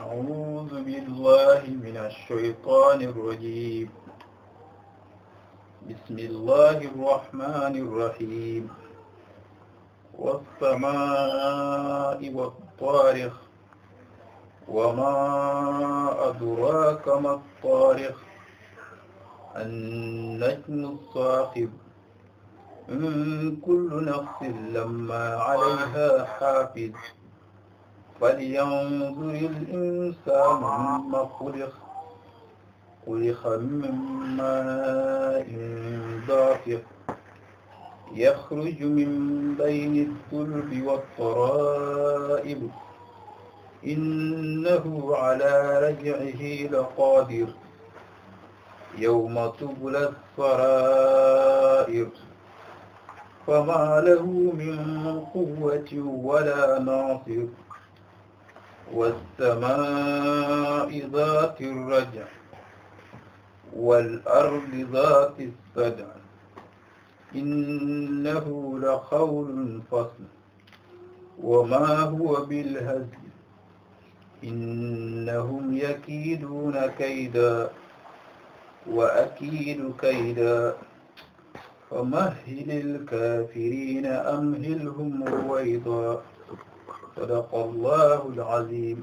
أعوذ بالله من الشيطان الرجيم بسم الله الرحمن الرحيم والسماء والطارق وما أدراك ما الطارق النجم الصاخب إن كل نفس لما عليها حافظ فلينظر الإنسان مما خلق خلق من ماء دافق يخرج من بين الصلب والترائب إنه على رجعه لقادر يوم تبلى السرائر فما له من قوة ولا ناصر والسماء ذات الرجع والأرض ذات الصدع إنه لقول فصل وما هو بالهزل إنهم يكيدون كيدا وأكيد كيدا فمهل الكافرين أمهلهم رويدا sadaqallahul aziim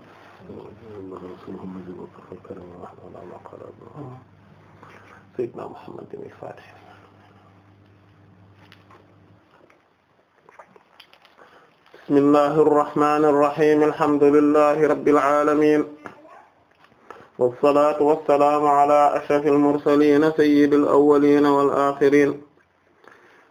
Seydina Muhammad tamit Faatiha bismillahir rahmanir rahim alhamdulillahi rabbil alamin was salaatu was salaamu ala ashrafil mursaliin sayyidil awwaliin wal aaxiriin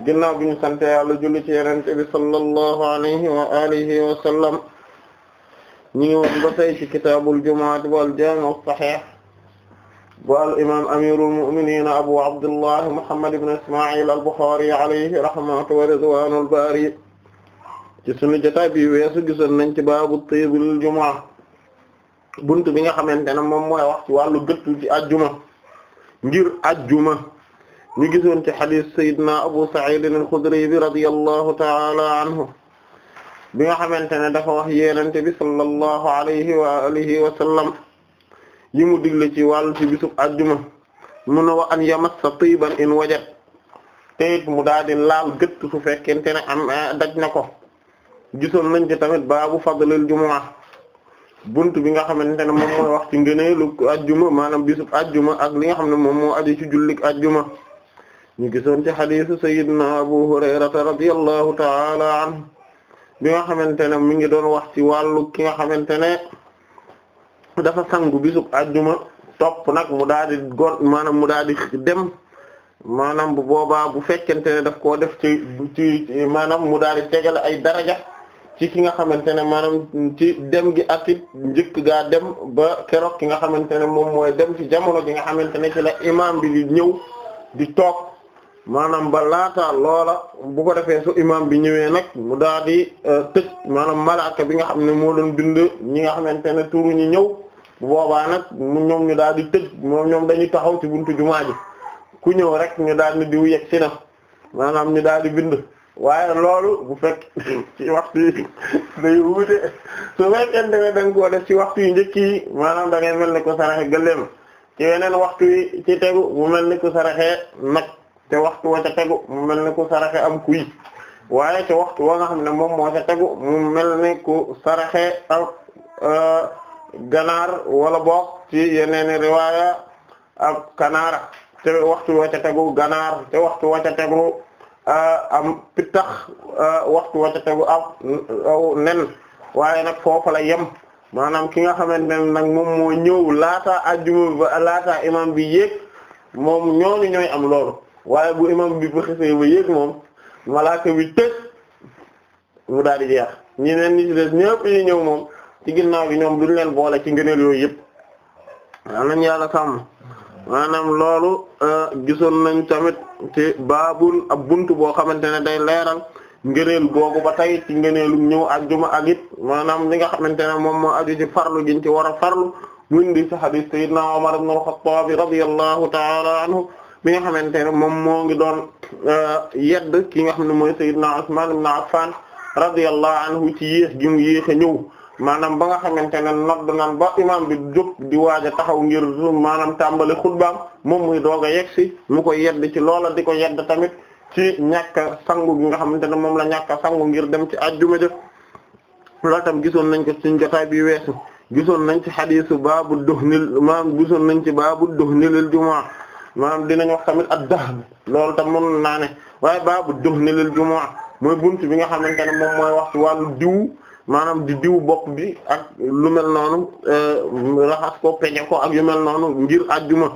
ginnaaw bi ñu sante yàlla ci yenente bi sallallahu alayhi wa alihi wa sallam ñu ba tey ci kitaabul jumaat wal jaami' as-sahih imam amirul mu'minin abu abdullah muhammad ibn isma'il al ci sunu jotaay weesu gisoon nañ baabu tiibil jumaa bunt bi nga xamante ne moom mooy wax ci wàllu gëttu ci ajjuma ngir ajjuma ñu gisoon ci xadis sayidna Abu Sa'id al-Khudri bi radiyallahu ta'ala anhu bi nga xamante ne dafa wax yéenante bi sallallahu alayhi wa alihi wa yi mu digle ci wàllu ci bisub ajjuma mun a wax an yamassa tiiban in wajat te mu daal di laal gëtt su fekkente ne am eh, daj na ko gisoon nañ ci tamit baabu fadlil jumaa bunt bi nga xamante ne moom mooy wax ci ngëneelu ajjuma maanaam bisub ajjuma ak li nga xam ne moom moo aju ci jullik ajjuma ñu gisoon ci xadiisu sayyidina Abu Hurayrata radiyallahu ta'ala anhu bi nga xamante ne mu ngi doon wax ci wàllu ki nga xamante ne dafa sangu bisub ajjuma topp nag mu daal di gon maanaam mu daal di dem maanaam bu boobaa bu fekkente ne daf koo def ci ci maanaam mu daal di tegale ay daraja ci ki nga xamante ne maanaam ci dem gi ak it njëkk gaa dem ba keroog ki nga xamante ne moom mooy dem ci jamono ji nga xamante ne ci la imaam bi ñëw di toog maanaam ba laata loola bu ko defee su imam bi ñëwee nag mu daal di euh, tëj maanaam malaaka bi nga xam ne moo doon bind ñi nga xamante ne turu ñi ñëw bu boobaa nag ñoom ñu daal di tëj moom ñoom dañuy taxaw ci buntu jumaa ji ku ñëw rek ñu daal di diw yegg si na maanaam ñu daal di bind waaye loolu bu fekk ci waxtu yi day wuute su fekkee da nga koo def ci waxtu yu njëkk yi maanaam da ngay mel ni ko saraxe gëléem ci weneen waxtu yi ci tegu mu mel ni ko saraxe nag. te waxtu wa ca tegu mu mel ni ku saraxe am kuy waaye te waxtu wa nga xam ne moom moo ca tegu mu mel ni ku saraxe euh, ganaar wala boog ci yeneen riwaaya am kanaara te waxtu wa ca tegu ganaar te waxtu wa ca tegu euh, am pittax euh, waxtu wa tegu am nen waaye nag foofa la yem maanaam ki nga xamante ne nag moom moo ñëw laata ajjuma ba laata imam bi yéeg moom ñooñu ñooy am loolu waaye bu imam bi bu xasee ba yéeg moom malaaka bi tëj mu daal di jeex ñeneen ñi ci des ñëpp ñu ñëw moom ci ginnaaw bi ñoom duñ leen boole ci ngëneel yooyu yëpp am yàlla sàmm maanaam loolu euh, gisoon nañ tamit ci baabul ab buntu boo xamante ne day leeral ngëneel googu ba tey ci ngëneelu ñëw ajjuma ak it maanaam li nga xamante ne moom moo aju ci farlu jiñ ci war a farlu mun di ci hadith sayyidina Umar ibn al-Khattab radiyallahu ta'ala anhu bi nga xamante ne moom moo ngi doon euh, yedd ki nga xam ne mooy Sayyidna Usman ibn Affan radiyallahu anhu ci yéex gi mu ñëw maanaam ba nga xamante ne nodd nan ba imam bi jóg di waaj taxaw ngir maanaam tàmbali xutbaam moom muy doog a yegsi mu ko yedd ci loola di ko yedd tamit ci ñàkk a sangu nga xamante ne moom la ñàkk sangu ngir dem ci ajjuma jëf loolu tam gisoon nañ ko suñ jotaay bi weesu gisoon nañ ci xadiisu baabu duhnil maam gisoon nañ ci baabu duhnilil jumaa maanaam dinañ wax tamit ad-dahn loolu tam mën naa ne waaye baabu duhni lil jumu'a mooy buntu bi nga xamante ne moom mooy wax ci wàllu diw maanaam di diw bokk bi ak lu mel noonu euh, raxas ko peñe ko ak yu mel noonu ngir ajjuma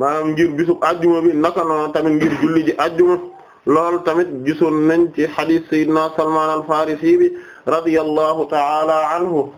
maanaam ngir bisub ajjuma bi naka noonu tamit ngir julli ji ajjuma loolu tamit gisoon nañ ci hadith sayyidina Salman al-Farisi bi radiyallahu ta'ala anhu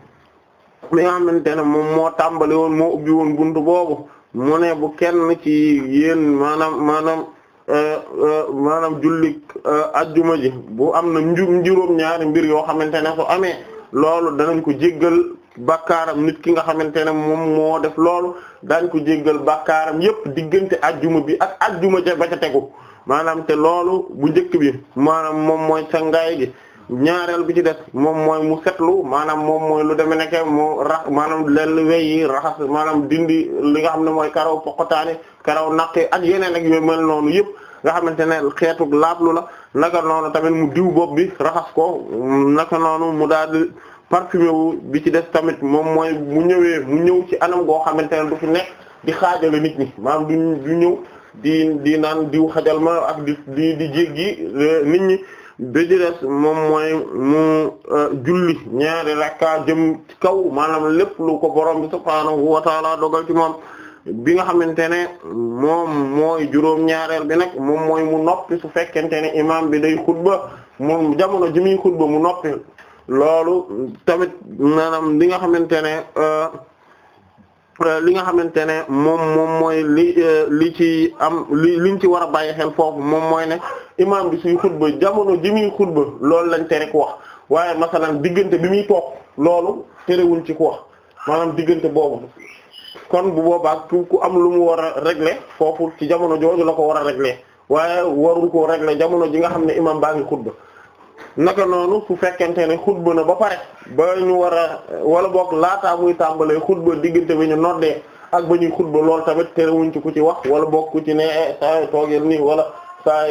mi nga xamante ne moom moo tàmbali woon moo ubbi woon buntu boobu mu ne bu kenn ci yéen maanaam maanaam euh, euh, maanaam jullik euh, ajjuma ji bu am na njuróom ñaari mbir yoo xamante ne su amee loolu danañ ko jéggal bakkaaram nit ki nga xamante ne moom moo def loolu daañ ko jéggal bakkaaram yépp diggante ajjuma bi ak ajjuma ja ba ca tegu maanaam te loolu bu njëkk bi maanaam moom mooy sangaay gi ñaareel bi ci des moom mooy mu setlu maanaam moom mooy lu demee nekk mu rax maanaam lenn wey yi raxas maanaam dindi li nga xam ne mooy karaw poqotaane karaw naqe ak yeneen ak yooyu mel noonu yëpp nga xamante ne xeetu laablu la naka noonu tamit mu diw bopp bi raxas ko naka noonu mu daal di parfumé wu bi ci des tamit moom mooy mu ñëwee mu ñëw ci anam goo xamante ne du fi nekk di xaajale nit ñi maanaam du ñëw di di naan diw xajal ma ak di di di jéggi euh, nit ñi. bi moom mooy mu euh, julli ñaari rakka jëm kaw maanaam lépp lu ko borom bi subhaanahu wa taala dogal ci moom bi nga xamante ne moom mooy juróom ñaareel bi nag moom mooy mu noppi su fekkente ne imaam bi day ba moom jamono ji muy xutba mu noppi loolu tamit maanaam li nga xamante ne euh, Euh, li nga xamante ne moom moom mooy li euh, li ci am li liñ ci war a bàyyi xel foofu moom mooy ne imaam bi suy xutba jamono ji muy xutba loolu lañ tere ku wax waaye masalan diggante bi muy toog loolu wuñ ci ku wax maanaam diggante boobu kon bu boobaa ku am lu mu war a régler foofu ci jamono jooju la ko war a régler waaye warul koo régler jamono ji nga xam ne imaam baa ngi xutba naka noonu su fekkente ne xutba na ba pare ba ñu war a wala boog laataa muy tàmbalee xutba diggante bi ñu noddee ak ba ñuy xutba lool tamit terewuñ ci ku ci wax wala bokk ku ci ne eh, saa toogeel nii wala saa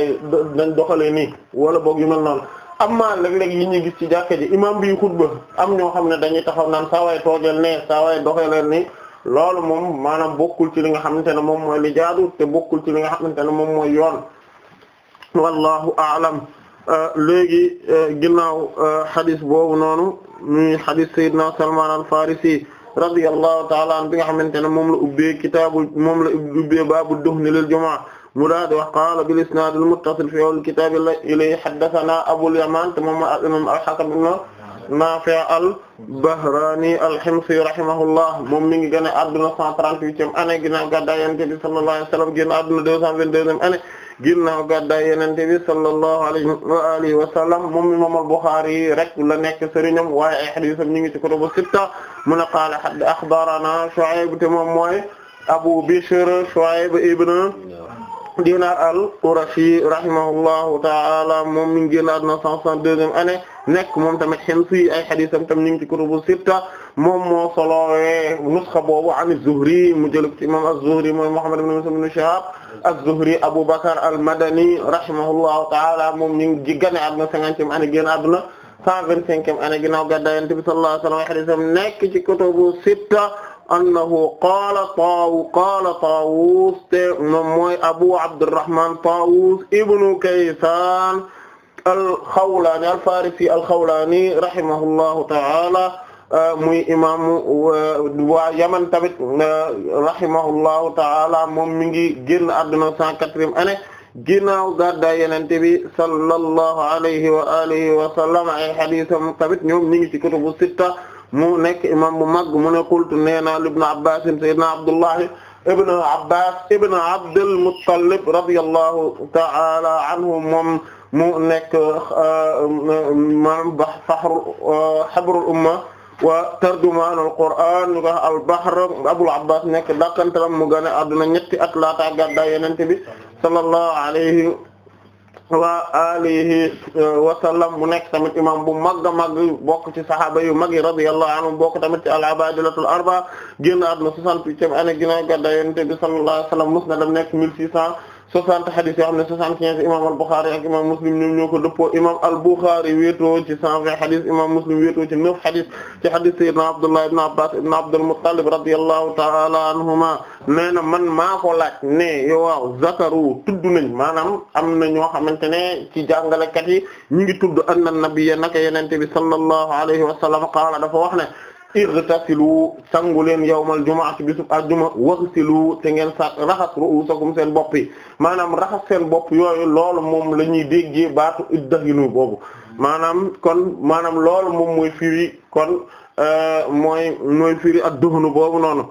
dañ doxalee nii wala boog yu mel noonu amma léeg-léeg yi ñuy gis ci jàkka ji imam bii xutba am ñoo xam ne dañuy taxaw naan saa waay toogeel nee saa waay doxalee nii loolu moom maanaam bokkul ci li nga xamante ne moom mooy li jaadu te bokkul ci li nga xamante ne moom mooy yoon wallahu a'lam Euh, léegi euh, ginnaaw euh, xadis boobu noonu muy xadis Seydina Salman al-Farisi radiyallahu ta'ala anhu bi nga xamante ne moom la ubbee kitaabu moom la ubbee baabu duhni lil jumaa mu daal di wax qaala bil isnaad al muttasil fi awwal kitaab ilay haddathanaa Abul Yamaan te moom al-imaam al-Hakam ibn Naafi' al-Bahraani al-Himsi rahimahullah moom mi ngi gën a adduna 138e année ginnaaw gàddaay Yonent bi sallallahu alayhi wa sallam génn adduna 222e année ginnaaw gàddaay Yonent bi sallallahu alayhi wa alihi wa sallam moom imam al-Bukhari rek la nekk sëriñam waaye ay hadiisam ñu ngi ci kutubu sitta mu ne qaala hadd akhbarana Shu'ayb te moom mooy Abu Bishr Shu'ayb ibn Dinar al-Qurashi rahimahullahu ta'ala moom mi ngi génn àdduna 162e année nekk moom tamit Himsi ay hadiisam tam ñu ngi ci kutubu sitta moom moo solowee eh, nusxa boobu an az-Zuhri mu jël ci imam az-Zuhri mooy Muhammad az-Zuhri Abu Bakr al-Madani rahimahullahu ta'ala moom ñu ngi gane àdduna cinquantième année génn àdduna cent vingt-cinquième année ginnaaw gàddaay Yonent bi sallallahu alayhi wa sallam nekk ci kutubu sitta annahu qaala Taawu qaala Taawus te moom mooy Abu Abdurrahman Taawus ibnu Kaysaan al-Xawlaani al-Faarisi al-Xawlaani rahimahullahu ta'ala Euh, muy imaamu euh, waa Yaman tamit euh, rahimahullahu ta'ala moom mi ngi génn àdduna cent quatrième année ginnaaw gàddaay Yonent bi sallallahu alayhi wa alihi wa sallam ay hadiisam tamit ñoom ñi ngi ci kutubu sitta mu nekk imaam bu mag mu ne qultu nee na ibn Abbaas sayyidina Abdullahi ibn Abbaas ibn Abdul Muttalib radiyallahu ta'ala anhum moom mu nekk maanaam bax faxru xabrul umma wa tarjumaan al-Qur'an ñu nga al-Bahr Abul Abbas nekk dakantaram mu gane adduna ñetti at laata gàddaay Yonent bi sallallahu alayhi wa alihi euh, wa sallam mu nekk tamit imam bu mag a mag bokk ci sahaaba yu mag yi radiyallahu anhum bokk tamit ci al-Abadilatul Arba génn adduna 68e année ginnaaw gàddaay Yonent bi sallallahu alayhi wa sallam musnadam nekk 1600 60 hadith yoo xam ne 75 imam al ak imam Muslim ñoom ko dëppoo imam al-Bukhari wéetoo ci 120 hadith imam Muslim wéetoo ci 9 hadith ci hadith sayyidina Abdullah ibn Abbas ibn Abdul Muttalib radiyallahu ta'ala anhuma nee na man maa ko laaj ne yow waaw zakaru tudd nañ maanaam am na ñoo xamante ne ci jàngalekat yi ñu ngi tudd anna nabiyya naka yenente bi sallallahu alayhi wa sallam qaala dafa wax ne ightasilu sangu leen yawmal jumu'ati bisub aljuma waghsilu te ngeen sa raxas ru'usakum seen bopp yi maanaam raxas seen bopp yooyu loolu moom la ñuy déggee baatu iddahinu boobu maanaam kon maanaam lool moom mooy firi kon euh, mooy mooy firi ad-duhnu boobu noonu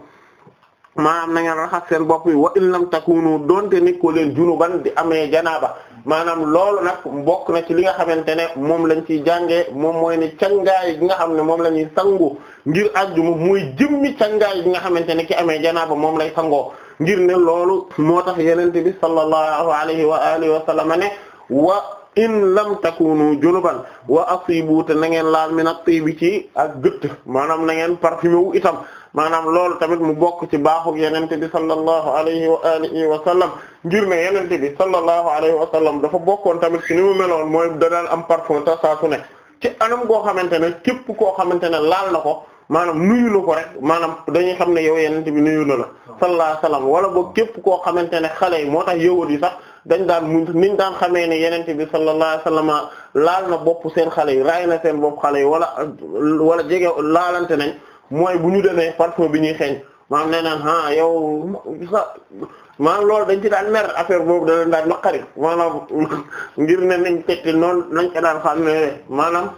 maanaam na ngeen raxas seen bopp yi wa in lam takunu donte nekkoo leen junuban di amee janaaba maanaam loolu nag bokk na ci li nga xamante ne moom lañ ciy jàngee moom mooy ne cangaay gi nga xam ne moom la ñuy sangu ngir àjjuma muy jëmmi cangaay gi nga xamante ne ki amee janaaba moom lay sangoo ngir ne loolu moo tax yenente bi sallallahu alayhi wa alihi wa sallam ne wa in lam takunu junuban wa asibu te na ngeen laal min at-tibi ci ak gëtt maanaam na ngeen parfumé itam maanaam loolu tamit mu bokk ci baaxu yenente bi sallallahu alayhi wa alihi wa sallam ngir ne yenente bi sallallahu alayhi wa dafa bokkoon tamit ci ni mu meloon mooy da daan am parfum ta saa ne ci anam goo xamante ne képp koo xamante ne laal na ko maanaam nuyu ko rek maanaam dañuy xam ne yow yenente bi nuyu la la sallallahu alayhi wala boog képp koo xamante ne xale yi moo tax yowat yi sax dañ daan mu niñ daan xamee ne yenente bi sallallahu alayhi wa laal na bopp seen xale yi raay na seen bopp xale yi wala wala jege laalante nañ mooy bu ñu demee parfum bi ñuy xeeñ maanaam nee naan ah yow sa maanaam loolu dañ ci daan mer affaire boobu da leen daan naqari ngir ne nañ tekki noonu nañ ko daan xam ne maanaam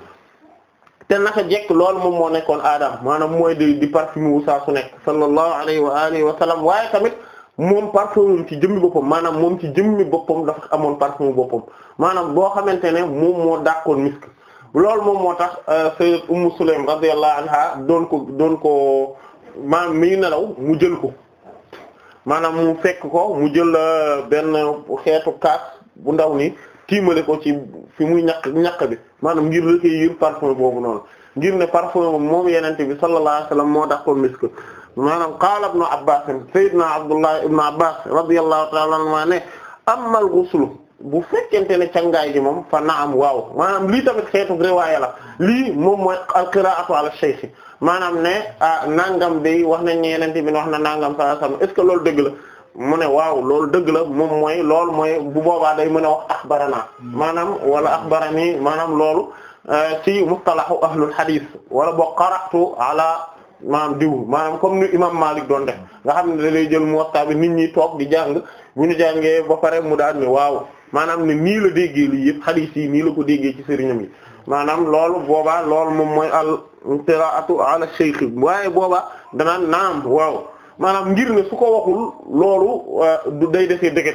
te naka jekk loolu moom moo nekkoon aadam maanaam mooy di di parfum wu saa su nekk sallallahu alayhi wa alihi wa sallam waaye tamit moom parfum ci jëmmi boppam maanaam moom ci jëmmi boppam dafa amoon parfum boppam maanaam boo xamante ne moom moo dàqoon misk loolu moom moo tax euh, sayyidat ummu sulaym radiyallahu anha doon ko doon ko maanaam mi nelaw mu jël ko maanaam mu fekk ko mu jël euh, benn xeetu kaas bu ndaw ni tiimale ko ci fi muy ñaq ñaq bi maanaam ngir rëcc yër parfum boobu noonu ngir ne parfum moom yenente bi sallallahu alayhi wasallam moo dax ko misk maanaam qaala ibnu abbas sayyidna abdullah ibnu abbas radiyallahu ta'ala anhuma ne amal ghuslu bu fekkente ne cangaay gi moom fa naam waaw maanaam lii tamit xeetu riwaaya la lii moom mooy al-qira'atu ala shaykh maanaam ne ah nangam bi wax nañ ne yeneen bi wax na nangam saa sàmm est loolu dëgg la mu ne waaw loolu dëgg la moom mooy loolu mooy bu boobaa day mën a wax axbarana maanaam wala axbarani maanaam loolu eh, ci mustalahu ahlul hadith wala bo qara'tu ala maanaam diw maanaam comme ni imam Malik doon def nga xam ne da lay jël mu waxtaan bi nit ñi toog di jàng bu ñu jàngee ba pare mu daal waaw. maanaam ne nii la déggee lii yëpp hadith yi nii la ko déggee ci sëriñam yi maanaam loolu boobaa loolu moom mooy al qiraatu ala shaykh waaye boobaa danaan naam waaw maanaam ngir ne su ko waxul loolu euh, day defee dëgg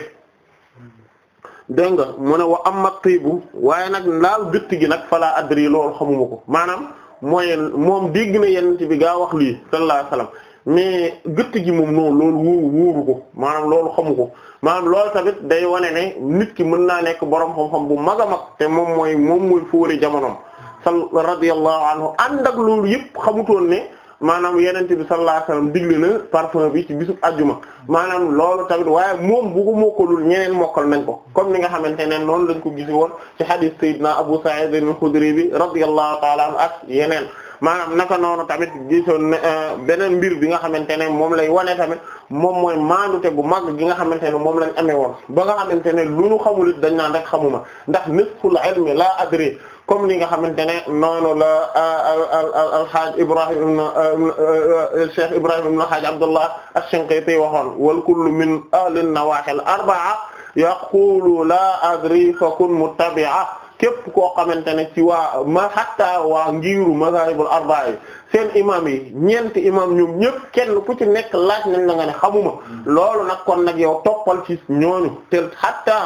dégg nga mu ne am amma tibu waaye nag laal gëtt gi nag fala adri loolu xamuma ko maanaam mooy moom dégg na yenn bi gaa wax lii sallallahu alayhi wasallam gëtt gi moom noonu loolu wóoru ko maanaam loolu xamu ko maanaam loolu tamit day wane ne nit ki mën naa nekk borom xam-xam bu mag a mag te moom mooy moom mooy fóori jamonoom sal radiyallahu anhu an ak loolu yëpp xamutoon ne maanaam yenente bi sallallahu alayhi wasallam digle na parfum bi ci bisub ajjuma maanaam loolu tamit waaye moom bu ko ñeneen mokkal nañ ko comme ni nga xamante ne noonu lañ ko gis woon ci hadith na Abu Sa'id al-Khudri bi radiyallahu ta'ala anhu ak yeneen maanaam naka noonu tamit gisoon euh, beneen mbir bi nga xamante ne moom lay wane tamit moom mooy maandute bu mag gi nga xamante ne moom lañ amee woon ba nga xamante ne lu ñu xamul it dañ naan rek xamuma ndax nisful ilmi la adri comme ni nga xamante ne noonu la euh, alxaaj Ibrahim euh, Cheikh Ibrahim ibn Hajj Abdullah as-Shinqiti waxoon wal kullu min ahli an-nawahil arba'a yaqulu la adri fa kun muttabi'a képp koo xamante ne ci waa ma hatta waa ngiru mazahibul arba'a seen imam yi ñeenti imam ñoom ñëpp kenn ku ci nekk laaj nañ la nga ne xamuma mm. loolu nag kon nag yow toppal ci ñooñu te hatta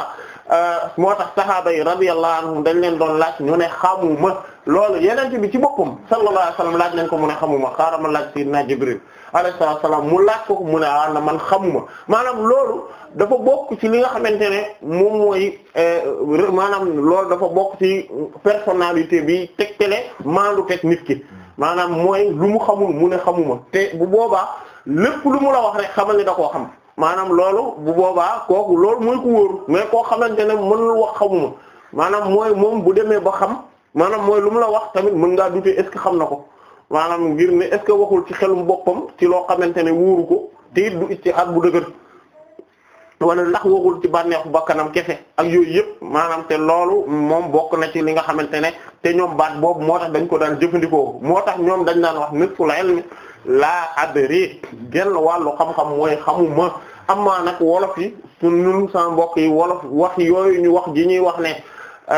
euh, moo tax sahaaba yi radiyallahu anhum dañ leen doon laaj ñu ne xamuma loolu yeneen bi ci boppam sallallahu alayhi wasallam laaj nañ ko mu ne xamuma xaaral ma laaj sayyidina Jibril alayhi salaam mu laaj ko mu ne ah na man xamuma maanaam loolu dafa bokk ci li nga xamante ne moom mooy eh, maanaam loolu dafa bokk ci personnalité bi tegtale maandu teg nit ki maanaam mooy lu mu xamul mu ne xamuma te bu boobaa lépp lu mu la wax rek xamal ni da koo xam maanaam loolu bu boobaa kooku loolu mooy ku wóor mais koo xamante ne mënul wax xamuma maanaam mooy moom bu demee ba xam maanaam mooy lu mu la wax tamit mën ngaa douter est xam na ko. maanaam ngir ne est-ce waxul ci xelum boppam ci loo xamante ne wuuru ko te it du ijtihaad bu dëgër wala ndax waxul ci bànneexu bakkanam kese ak yooyu yëpp maanaam te loolu moom bokk na ci li nga xamante ne te ñoom baat boobu moo tax dañ ko daan jëfandikoo moo tax ñoom dañ daan wax nisful ilmi laa adri genn wàllu xam-xam mooy xamuma amaa nag wolof yi su ñun sa mbokk yi wolof wax yooyu ñu wax ji ñuy wax ne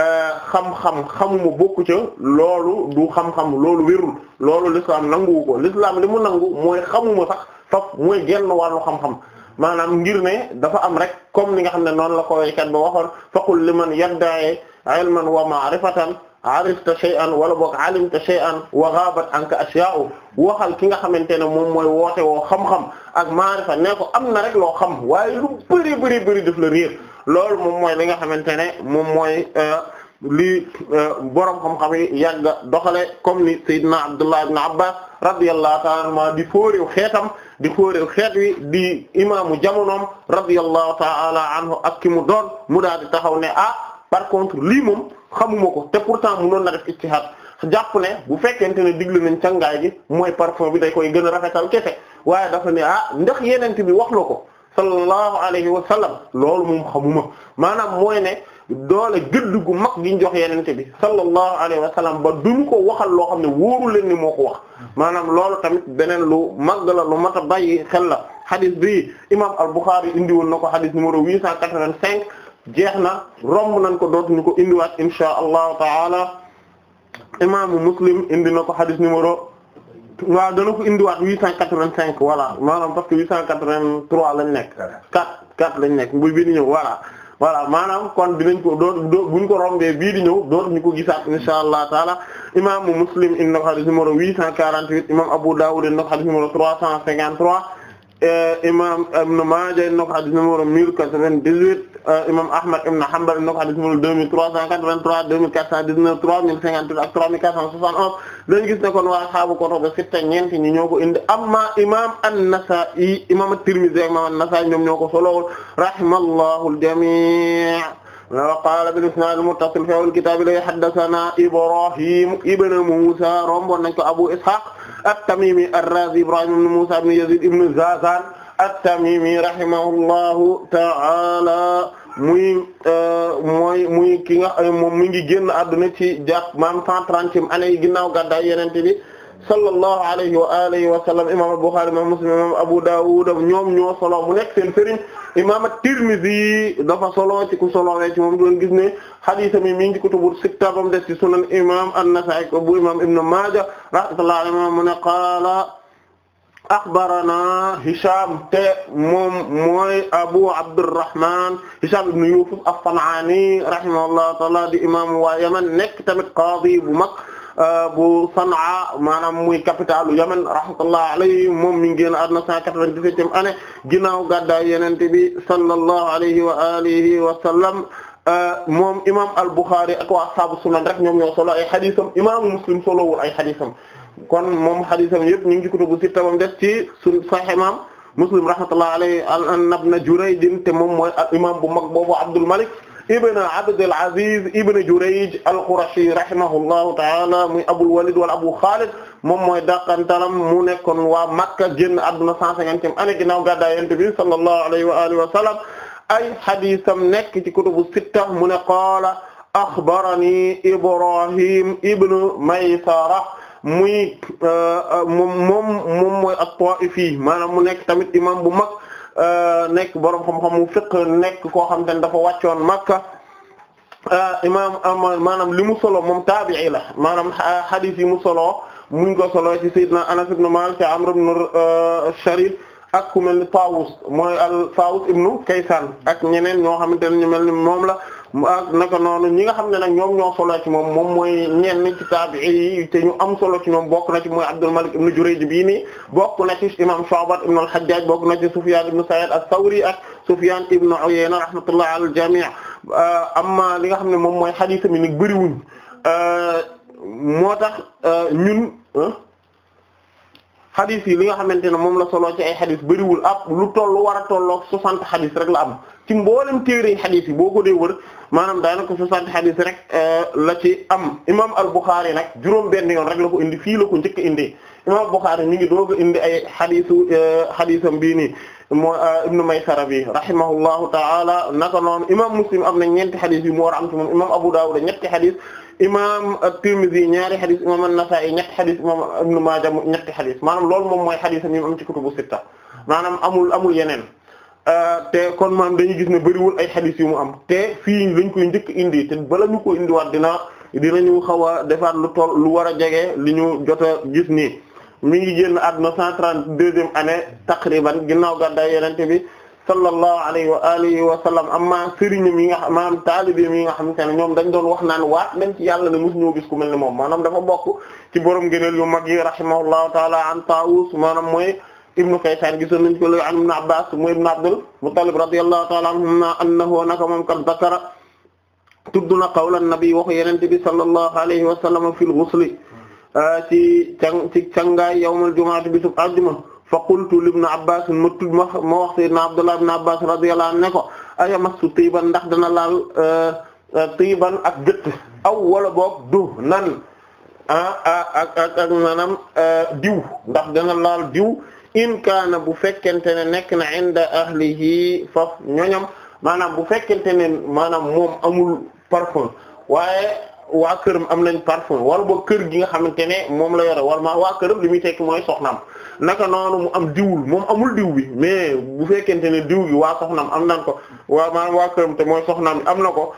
Euh, xam-xam xamuma bokku ca loolu du xam-xam loolu wérul loolu l'islam nanguwu ko l'islam li mu nangu mooy xamuma sax faf mooy genn wàllu xam-xam maanaam ngir ne dafa am rek comme ni nga xam ne noonu la ko waykat ba waxoon faqul liman yadda'i ilman wa ma'rifatan arifta shay'an wala boog alimta shay'an wa ghabat anka ashya'u waxal ki nga xamante ne moom mooy woote woo xam-xam ak maarifa ne ko am na rek loo xam waaye lu bëri bëri bëri def loolu moom mooy li nga xamante ne moom mooy euh, lii euh, borom xam-xam yi yàgg doxale comme ni Seydina Abdullah ibn Abbas radiyallahu ta'ala anhuma di fóoréew xeetam di fóoréew xeet wi di imaamu jamonoom radiyallahu ta'ala anhu ak ki mu doon mu daal di taxaw ne ah par contre lii moom xamuma ko te pourtant mu noonu na def ijtihad jàpp ne bu fekkente ne diglu nañ cangaay gi mooy parfum bi day koy gën a rafet rafetal kese waaye dafa ne ah ndax yeneen bi wax la ko sallallahu alayhi wa sallam loolu moom xamuma maanaam mooy ne doole gëdd gu mag gi ñu jox yenente bi sallallahu alayhi wa sallam ba duñu waxal loo xam ne wóoru leen ni moo ko wax maanaam loolu tamit beneen lu mag la lu mat a bàyyi la xadis bi imam al-Bukhari indi woon na ko xadis numéro 885 jeex na romb nañ ko dootuñu ko indiwaat inshaa allahu taala imaamu Muslim indi na ko xadis numéro waaw dana ko indiwaat huit cent quatre-vingt-cinq voilà maanaam parce que huit cent quatre-vingt-trois lañ nekk quatre quatre lañ nekk muy bii di ñëw voilà voilà maanaam kon dinañ ko doot doo buñ ko rombee bii di ñëw doot ñu ko gisaat insha allah taala imaamu Muslim indi na ko xadis numéro huit cent quarante-huit imam Abu Dawud indi na ko xadis numéro trois cent cinquante-trois eh, imam Ibn Maaja indi ko xadis numéro mille quatre-vingt-dix-huit Euh, imam Ahmad ibn Hanbal na ko hadith numéro 2383 2419 3058 ak 3471 dañu gis ne kon waa xaabu kotoba sitta ñeenti ñi ñoo ko indi amma imam an-Nasa'i imam at-Tirmidhi ak imam an-Nasa'i ñoom ñoo ko solowol rahimallahu al-jami' wa qala bil-isnad al-muttasil fi al-kitab la haddathana Ibrahim ibn Musa romboon nañ ko Abu Ishaq at-Tamimi ar-Razi Ibrahim ibn Musa ibn Yazid ibn Zazan at-Tamimi rahimahullahu ta'ala muy euh, mooy muy ki nga euh, moom mi ngi génn àdduna ci jàpp maam 130e année yi ginnaaw gàddaay Yonent bi sallallahu alayhi wa alihi wa sallam imam al-Bukhari imam Muslim imam Abu Dawud ñoom ñoo solo mu nekk seen sëriñ imam at-Tirmidhi dafa solo ci ku solowee ci moom doon gis ne hadith mi mi ngi ci kutubu bam des sunan imam an-Nasa'i bu imam Ibn Majah rahmatullahi alayhi mu ne qaala axbarana Hisham te moom mooy Abu Abdurrahman Hisham ibn Yusuf as-San'ani rahimahullahu ta'ala di imam waa Yaman nekk tamit qaadi bu mag euh, bu San'a maanaam muy capitalu Yaman rahmatullahi alayhi moom mi ngi génn àdduna 197e année ginnaaw gàddaay Yonent bi sallallahu alayhi wa alihi wa sallam euh, moom imam al-Bukhari ak waa ashaabu sunan rek ñoom ñoo solo ay xadisam imaamu Muslim solowul ay xadisam kon moom xadisam yëpp ñu ngi ci kutubu sitta bam def ci suñu Sahih imam Muslim rahmatullahi alayhi an ibn Jurayj te moom mooy imam bu mag boobu Abdul Malik ibn Abdul Aziz ibn Jurayj al-Qurashi rahimahullahu ta'ala muy Abul Walid wala Abu Khalid moom mooy dàqantalam mu nekkoon waa Makka génn àdduna 150e année ginnaaw gàddaay Yonent bi sallallahu alayhi wa alihi wa sallam ay xadisam nekk ci kutubu sitta mu ne qaala axbarani Ibrahim ibn Maysara muy euh, euh, moom moom moom mooy at-Taa'ifi maanaam mu nekk tamit imam bu mag euh, nekk borom xam mu fiqh nekk koo xam te ne dafa wàccoon Makka imam ama maanaam li mu solo moom taabi'i la maanaam hadith yi mu solo mu ngi ko solo ci Sayyidina Anas ibn Maalik ci Amr ibn Sharif ak ku mel ni Taawus mooy al Taawus ibnu Kaysaan ak ñeneen ñoo xamante ne ñu mel ni moom la naka noonu ñi nga xam ne na ñoom ñoo solo ci moom mooy ñenn ci taabi'i te ñu am solo ci ñoom bokk na ci mooy Abdul Malik ibn Jurayj bii nii bokk na ci imam Shu'ba ibn al-Hajjaj bokk na ci Sufyan ibn Sa'id ath-Thawri ak Sufyan ibn Uyayna rahmatullah ala al-jami' euh, amma li nga xam ne moom mooy hadith mi nag bëriwuñ euh, moo tax euh, ñun hadith yi li nga xamante ne moom la solo ci ay hadith bariwul am lu tollu war a tolloog 60 hadith rek la am ci mboolem téere xadis yi boo ko dee wër maanaam daanaka soixante xadis rek euh, la ci am imam al-Bukhari nag juróom benn yoon rek la ko indi fii la ko njëkk indi imam al-Bukhari mi ngi dooga indi ay xadisu euh, xadisam bii nii moo euh, ibnu Maysara bi rahimahullahu ta'ala naka noonu imam Muslim am na ñeenti xadis yi mu war a am ci moom imam Abu Dawud ñetti xadis imam Tirmidhi ñaari xadis imam an-Nasa'i ñetti xadis imam ibnu Maaja ñetti xadis maanaam loolu moom mooy xadisam yi mu am ci kutubu sitta maanaam amul amul yeneen Euh, te kon maam dañuy gis ne bëriwul ay xadis yu mu am te fii lañ koy njëkk indi te bala ñu ko indiwaat dina dinañu xaw a defaat lu toll lu war a jege li ñu jot a gis nii mi ngi génn àdduna 132e année taqriban ginnaaw gàddaay yenente bi sallallahu alayhi wa alihi wa sallam amma sëriñam yi nga xam maanaam taalibeem yi nga xamante ne ñoom dañ doon wax naan waat dañ ci yàlla ne mos ñoo gis ku mel ne moom maanaam dafa bokk ci borom gëneel yu mag yi rahimahullahu taala an Taawus maanaam mooy ibnu Kaysan gisoon nañ ko an ibnu Abbas mu ibnu Abdul Muttalib radiyallahu ta'ala anhuma annahu naka moom kat zakara tudd na qawla nabi waxu yonent bi sallallahu alayhi wa sallam fil ghusli ah, ci can ci cangaay yawmal jumu'ati bisub aljuma fa qultu li ibnu Abbas ma tudd ma ma wax sayyidina Abdullah ibnu Abbas radiyallahu anhu ne ko ayamassu tiiban ndax dana laal ah, ah, tiiban ak gëtt aw wala boog du nan ah ak ak ak maanaam diw ndax dana laal diw in kaana bu fekkente ne nekk na inda ahlihi faf ñoñam maanaam bu fekkente ne maanaam moom amul parfum waaye waa këram am nañ parfum wala ba kër gi nga xamante ne moom la yore wala ma waa këram li muy tekki mooy soxnaam naka noonu mu am diwul moom amul diw bi mais bu fekkente ne diw gi waa soxnaam am nañ ko waa maanaam waa këram te mooy soxnaam am na ko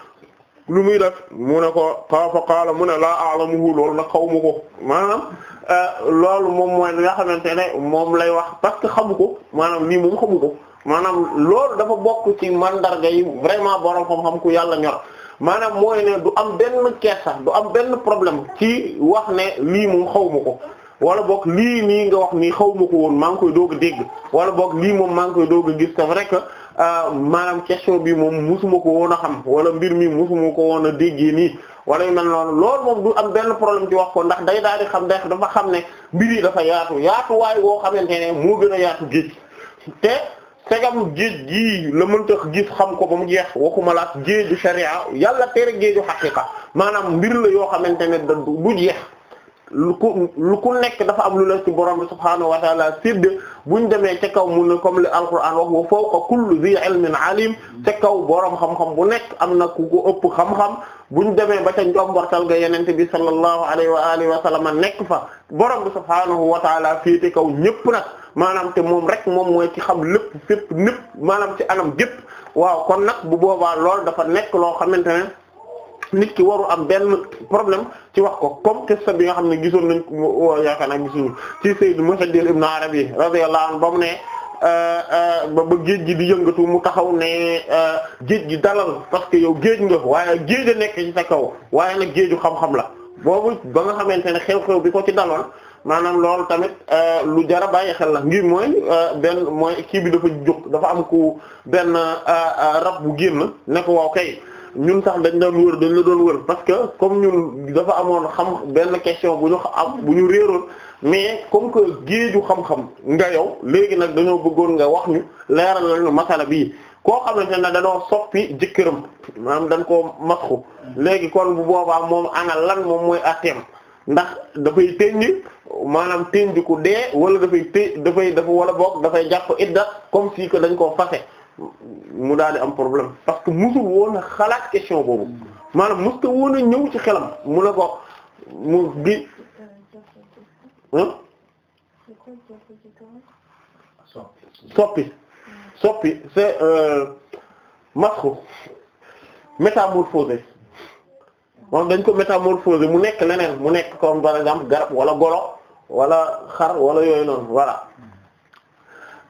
lu muy def mu ne ko xaafa xaala mu ne laa alamuhu loolu nag xaw ma ko maanam Euh, loolu moom mooy li nga xamante ne moom lay wax parce que xamu ko maanaam lii moom xamu ko maanaam loolu dafa bokk ci mandarga yi vraiment borom xam-xam ku yàlla ñor maanaam mooy ne du am benn kersa du am benn problème ci wax ne lii moom xaw ko wala bokk lii nii nga wax nii xaw ko woon maa ngi koy doog dégg wala boog lii moom maa ngi gis c'est vrai que euh, maanaam question bi moom musuma ko woon a xam wala mbir mi musuma ko woon a déggee nii wala yu mel noonu loolu moom du am benn problème ci wax ko ndax day daal di xam ndax dafa xam ne mbir yi dafa yaatu yaatu yaatuwaay woo xamante ne moo gën a yaatu géej te segam géej gi la mënta gis xam ko ba mu jeex waxuma laat géeju sharia yàlla tere géeju xaqiqa maanaam mbir la yoo xamante ne du jeex lu ku lu ku nekk dafa am lu la ci borom bi subhaanahu wa taala sidd buñ demee ca kaw mun ne comme li alquran wax wa fawqa kulli zi ilmin alim ca kaw borom xam-xam bu nekk am na ku ko ëpp xam-xam buñ demee ba ca njombortal ga yenente bi sallallahu alayhi wa alihi wa sallama nekk fa borom bi subhaanahu wa taala féete kaw ñépp nag maanaam te moom rek moom mooy ci xam lépp fépp népp maanaam ci anam gépp waaw kon nag bu boobaa lool dafa nekk loo xamante ne nit ki waru am benn problème ci wax ko comme kessa bi nga xam ne gisoon nañ ko yaakaar naa gisul ci Sayyid Muhaddith Ibn Arabi radiyallahu anhu ba mu ne euh, euh, ba ba géej gi di yëngatu mu taxaw ne euh, géej gi dalal parce que yow géej nga waaye géej a nekk ci sa kaw waaye nag géeju xam-xam la boobu ba nga xamante ne xew-xew bi ko ci daloon maanaam loolu tamit lu jar a bàyyi xel la ngir mooy benn mooy kii bi dafa jóg dafa am ku benn rab bu génn ne ko waaw kay. ñun sax dañ doon wër dañ la doon wër parce que comme ñun dafa amoon xam benn question bu ñu am bu ñu réeroon mais comme que géeju xam-xam nga yow léegi nag dañoo bëggoon nga wax ñu leeral lañu masala bii koo xamante ne dañoo soppi jëkkëram maanaam dañ koo masxu léegi kon bu boobaa moom ana lan moom mooy atteem ndax dafay tëññ maanaam tëññ ku dee wala dafay të dafay dafa wala boog dafay jàpp idda comme fii ko dañ koo fase mu daal di am problème parce que musul woon xalaat question boobu maanaam mos ko woon a ñëw ci xelam mu ne ko mu di soppi soppi c'est euh, masku métamorphosé moom dañ ko métamorphosé mu nekk leneen mu nekk comme par exemple garab wala golo wala xar wala yooyu noonu voilà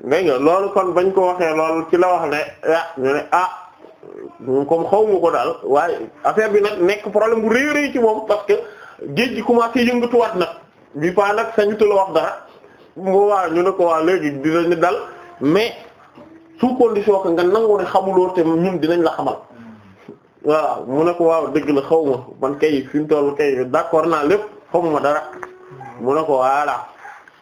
dégg nga loolu kon bañ koo waxee loolu ci la wax ne ah ñu ne ah ko daal waaye affaire bi nag nekk problème bu réew rëy ci moom parce que géej gi commencé waat nag bi pa nag sañutu la wax dara mu waa ñu ne ko waa léegi dinañu dal mais sous condition que nga nangu xamuloo te ñun dinañ la xamal waaw mu ne ko waaw dëgg la xaw ma man kay fi mu toll kay d'accord naa lépp xaw ma dara mu ne ko voilà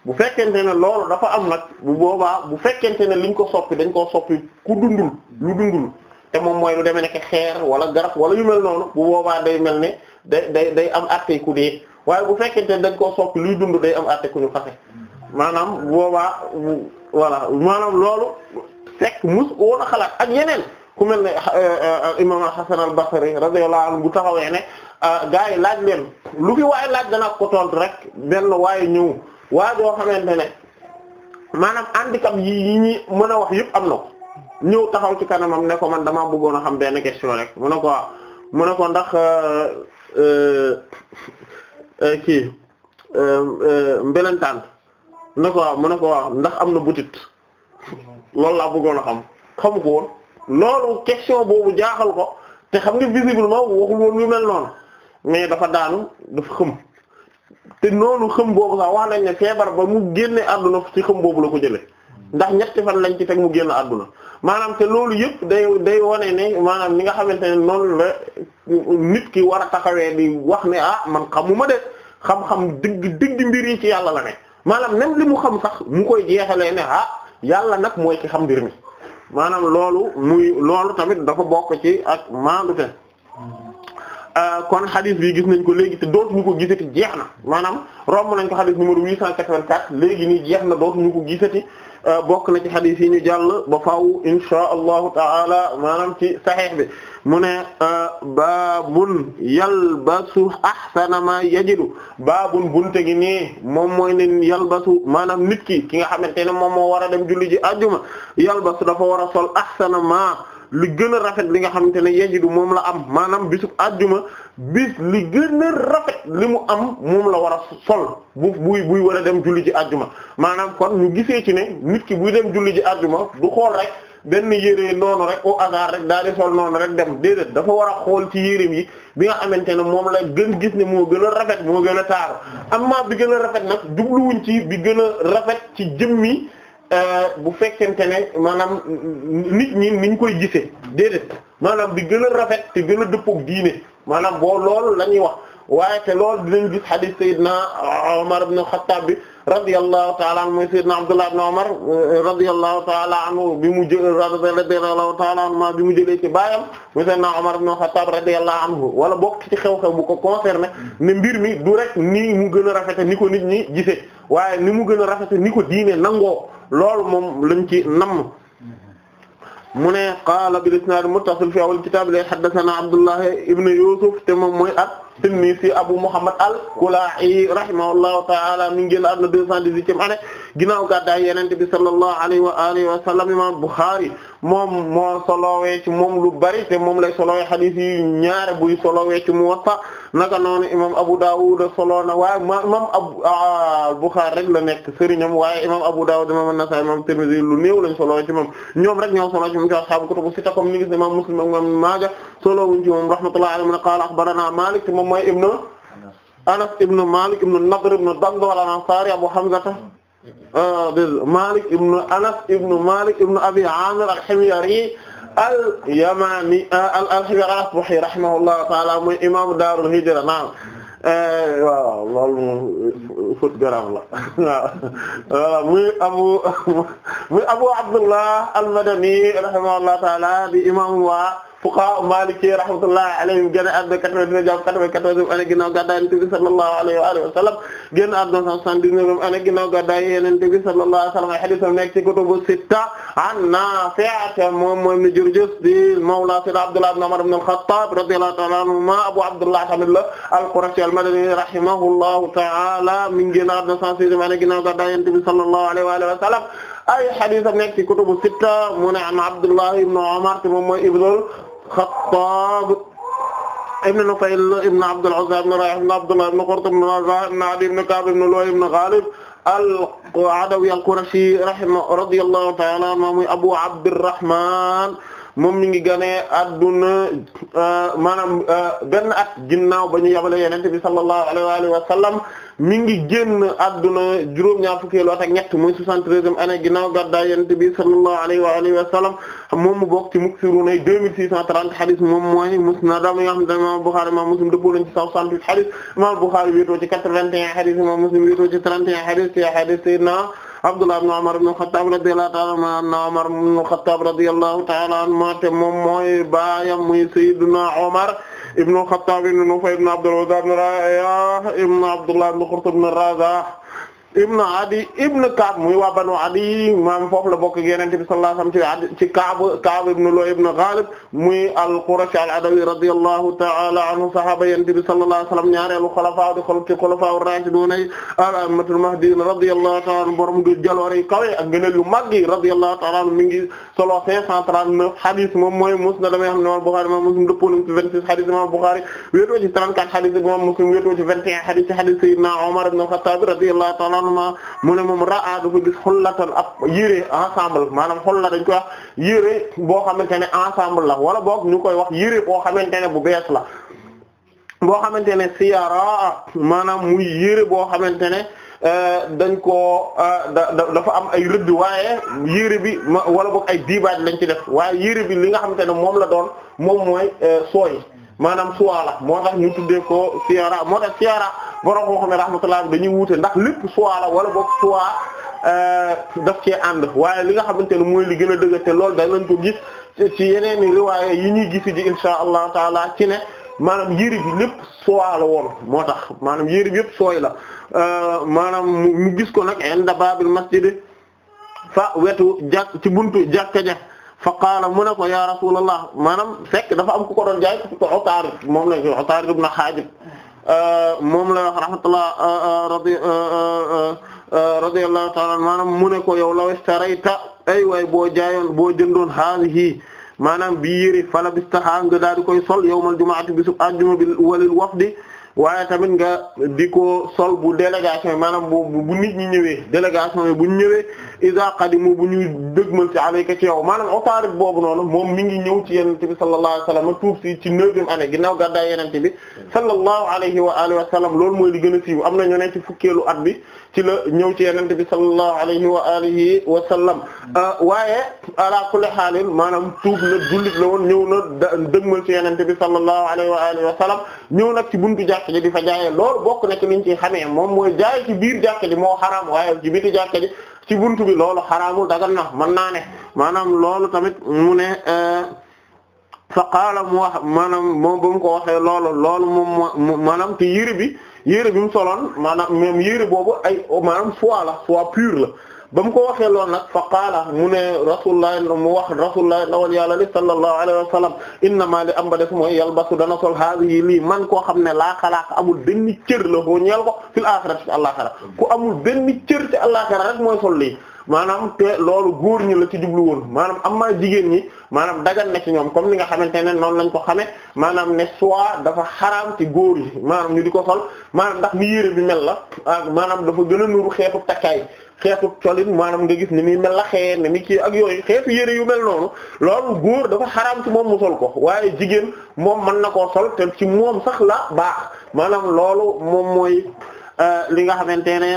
bu fekkente ne loolu dafa am nag bu boobaa bu fekkente ne liñ ko soppi dañ koo soppi ku dundul lu dundul te moom mooy lu demee nekk xeer wala garab wala yu mel noonu bu boobaa day mel ne day day day am àtte ku dee waaye bu fekkente ne dañ koo soppi luy dund day am àtte ñu fase maanaam bu boobaa maanaam loolu fekk mus woon xalaat ak yeneen ku mel ne eh, eh, imam Hasan al-Basri radiyallahu anhu bu taxawee ne ah, gaa yi laaj leen lu fi waaye laaj danaa ko tontu rek benn ñëw. waa joo xamante ne maanaam handicap yi yi ñi mën a wax yëpp am na ñëw taxaw ci kanamam ne ko man damaa bëggoon a xam benn question rek mu ne ko mu ne ko ndax euh, euh, euh, kii mbelentaan mu ko waaw mu ne ko waaw ndax am na butit loolu laa bëggoon a xam xamu ko woon loolu question boobu jaaxal ko te xam nga visiblement waxul woon lu mel noonu mais dafa daanu xum te noonu xëm boobu sax wax nañ ne feebar ba mu génne àdduna ci xëm boobu la ko jëlee ndax ñetti fan lañ ci teg mu génn àdduna maanaam te loolu yëpp day day wane ne maanaam li nga xamante ne noonu la ki war a taxawee di wax ne ah man xamuma de xam-xam digg digg mbir ci yàlla la ne maanaam li mu xam sax mu koy jeexalee ne ah yàlla nag mooy ki xam mbir mi maanaam loolu muy loolu tamit dafa bokk ci ak maandu te Euh, kon xadis bi gis nañ ko léegi te dootuñu ko gisati jeex na maanaam romb nañ ko xadis numéro 884 léegi nii jeex na dootuñu ko gisati euh, bokk na ci xadis yi ñu jàll ba faaw insha allahu taala maanaam ci saxiix bi mu ne euh, baabun yalbasu ahsana ma yajidu baabun bunte gi nii moom mooy ne yalbasu maanaam nit ki ki nga xamante ne moom moo war a dem julli ji ajjuma yalbasu dafa war a sol ahsana ma li gën a rafet li nga xamante ne yajidu moom la am maanaam bisub àjjuma bis li gën rafet li mu am moom la war a sol bu buy buy war a dem julli ji àjjuma maanaam kon ñu gisee ci ne nit ki buy dem julli ji àjjuma du xool rek benn yére noonu rek au hasard rek daal di sol noonu rek dem déedéet dafa war xool ci yéreem yi bi nga xamante ne moom la gën gis ne moo gën a rafet moo gën a taaru amma bi gëna rafet nag jubluwuñ ci bi gën a rafet ci jëmmi Euh, bu fekkente ne maanaam nit ñi niñ koy gisee déedéet maanaam bi gën a rafet te gën a dëppook diine maanaam boo lool la ñuy wax waaye te loolu dinañ gis hadith Seydina Omar ibn Khattab bi radiyallahu ta'ala anhu mooy Seydina Abdullah ibn Omar euh, radiyallahu ta'ala anhu bi mu jë radiyallahu ta'ala anhu bi mu jëlee ci baayam mooy Seydina Omar ibn Khattab radiyallahu anhu wala bokk ci xew-xew bu ko concerné ne mbir mi du rek nii mu gën a rafete ni ko nit ñi gisee waaye ni mu gën a rafete ni ko diine nangoo loolu moom lañ ci namm mu ne qaala bil isnaad muttasil fi awal kitaab li haddathana Abdullah ibn Yusuf te moom mooy at-Tinnisi Abu Muhammad al-Kula'i rahimahullahu ta'ala mi ngi génn àdduna 218e année ginnaaw gàddaay yenente bi sallallahu alayhi wa alihi imam Bukhari moom moo solowee ci moom lu bari te moom lay solowee hadith yi ñaare buy solowee ci Muwatta naka noonu imam Abu Dawud solo na waaye ma imam Abu ah, Bukhari rek la nekk sëriñam waaye imam Abu Dawud imam An-Nasa'i imam lu néew lañ solowee ci moom ñoom rek ñoo solo ci moom ci bu kutubu sitta comme ni gis ne imam Muslim ak imam Maaja solowuñ ci moom rahmatullahi alayhi qaala akhbarana Malik moom mooy ibnu Anas ibnu Malik ibnu Ah, Malik ibn Anas ibn Malik ibn Abi Amir al-Himyari al-Yamani ah, al-Himyari rahimahullahu ta'ala mooy imaamu daarul hijra naam eh, waaw loolu moom fët garam la waaw muy abu muy abu Abdullah al-Madani rahimahullahu ta'ala di imam wa fuqaha maliki rahmatullahi alayhim génn àdduna 99 jàpp 94 année ginnaaw gàddaay Yonent bi sallallahu alayhi wa alihi wa sallam génn àdduna 79 année ginnaaw gàddaay Yonent bi sallallahu alayhi wa sallam ay hadiisam nekk ci kutubu sitta an Naafi' moom mooy ibn Jurjus di mawla sayyidina Abdullah ibn Umar ibn al-Khattab radiyallahu ta'ala anhuma Abu Abdullah tamit la al-Qurashi al-Madani rahimahullahu ta'ala mi ngi génn àdduna 106 année ginnaaw gàddaay Yonent bi sallallahu alayhi wa alihi wa sallam ay hadiisam nekk ci kutubu sitta mu ne an Abdullah ibn Umar moom mooy ibnul al-Khattab ibn Nufayl ibn Abd al-Uzza ibn Rayh ibn Abdullah ibn Qurt ibn Razah ibn Adi ibn Ka'b ibn Lu'ay ibn Ghalib al-Adawi al-Qurashi rahimahullah radiyallahu ta'ala anhu muy Abu Abdirrahman moom mi ngi ganee adduna euh, maanaam euh, benn at ginnaaw ba ñu yabale yenente bi sallallahu alayhi wa alihi wa sallam mi ngi génn adduna juróom-ñaar fukkeelu at ak ñett muy 73e année ginnaaw gaddaa yenente bi sallallahu alayhi wa alihi wa sallam moom mu bokk ci muksiruna 2630 hadith moom mooy musnadam yi nga xam ne imam Bukhari imam Muslim dëppoo lañ ci 168 hadith imam Bukhari wéetoo ci 81 hadith imam Muslim wéetoo ci 31 hadith ci hadith sayyidina Abdullah ibn Umar ibn Khattab radiyallahu ta'ala anhuma anna Umar ibn Khattab radiyallahu ta'ala anhuma te moom mooy baayam muy Sayyidina Umar ibn Khattab ibn Nufayl ibn Abdul Uzza ibn Rayah ibn Abdullah ibn Khurtum ibn Razah ibnu adi ibnu kaab muy waa banu adi maam foofu la bokk yenente bi sallallahu alayhi wa sallam ci kaab kaab ibnu lo ibnu ghalib muy al-qurashi al-adawi radiyallahu ta'ala anhu sahaaba yenente bi sallallahu alayhi wa sallam ñaareelu xulafaa di xol ci xulafaa ar-raashiduuna al-a'immatul mahdiyiin radiyallahu ta'ala anhu borom du jaloore yi kawe ak ngëneel yu mag yi radiyallahu ta'ala anhu mi ngi solo 539 hadith moom mooy musnad damay xam ne imam Bukhari imam Muslim dëppoo nañu ci 26 hadith imam Bukhari wéetoo ci 34 hadith imam Muslim wéetoo ci 21 hadith hadith sayyidina Umar ibn al-Khattab radiyallahu ta'ala anhuma mu ne moom raa dafa gis xullatan ab yére ensemble maanaam xulla dañ koy wax yére boo xamante ne ensemble la wala boog koy wax yére boo xamante ne bu bees la boo xamante ne siyara maanaam muy yére boo xamante ne euh, dañ ko euh, dafa am ay rëdd waaye yére bi wala boog ay diibaaj lañ ci def waaye yére bi li nga xamante ne moom la doon moom mooy euh, sooy maanaam suwaa moo tax ñu tuddee ko siyaara moo tax siyaara borom koo xam ne rahmatullah dañuy wuute ndax lépp suwaa la wala boog suwaa euh, daf cee ànd waaye li nga xamante ne mooy li gën a dëgg te loolu dañ lañ ko gis ci yeneen i riwaaya yi ñuy gis ji insha allah taala ci ne maanaam yëri bi lépp suwaa la woon moo tax maanaam yëri bi yëpp sooy la euh, maanaam mu gis ko nag inda baabil masjid fa wetu jàkk ci buntu jàkka fa qaala mu ne ko ya rasulallah maanaam fekk dafa am ku ko doon jaay ku ko Utaarid moom la Utaarid ibn Haajib euh, moom la wax rahmatullah euh, euh, radi radiyallahu ta'ala maanaam mu ne ko yow law istarayta ay waay boo jaayoon boo jëndoon haadihi maanaam bi yëri fala bistaha nga daal di koy sol yawmal jumu'ati bisub àjjuma bi walil wafdi waaye tamit nga di ko sol bu délégation yi maanaam bu bu nit ñi ñëwee délégation yi bu ñu ñëwee iza qadimu bu ñuy dëgmal ci alayka ci yow maanaam otaarib boobu noonu moom mi ngi ñëw ci yenente bi sallallahu alayhi wa sallam tuub si ci neuvième année ginnaaw gàddaay yenente bi sallallahu alayhi wa alihi wa sallam loolu mooy li gën a siiw am na ñu ne ci fukkeelu at bi ci la ñëw ci yenente bi sallallahu alayhi wa alihi wa sallam euh, waaye ala kulli haalin maanaam tuub na la woon ñëw na dëgmal ci yenente bi sallallahu alayhi wa alihi wa sallam ñëw nag ci buntu jàkk jàkk ji di fa loolu bokk na ci liñ ci xamee moom mooy jaay ci biir jàkk ji moo xaraam waaye ci biti jàkk ji ci buntu bi loolu xaraamul dagan na man naa ne maanaam loolu tamit mu ne euh, fa qaala mu wax maanaam moom ba ko waxee loolu loolu moom maanaam te yére bi yére bi mu soloon maanaam même yére boobu ay maanaam soie la soie pure la ba mu ko waxee loolu nag fa qaala mu ne rasulullah mu wax na ndawal yàlla li sallallahu alayhi wa sallam innama li am ba des mooy yalbasu dana sol haadihi lii man koo xam ne laa amul benn cër la foo ñeel ko fil aaxira ci àllaaxira ku amul benn cër ci àllaaxira rek mooy sol lii maanaam te loolu góor ñi la ci jublu woon maanaam am maa jigéen ñi maanaam dagan na ci ñoom comme ni nga xamante ne noonu lañ ko xamee maanaam ne soit dafa xaraam ci góor yi maanaam ñu di ko sol maanaam ndax ni yére bi mel la maanaam dafa gën a nuru xeetu takkaay xeetu colin maanaam nga gis ni muy melaxee ni mi kii ak yooyu xeetu yére yu mel noonu loolu góor dafa xaraam ci moom mu sol ko waaye jigéen moom mën na koo sol te ci moom sax la baax maanaam loolu moom mooy euh, li nga xamante ne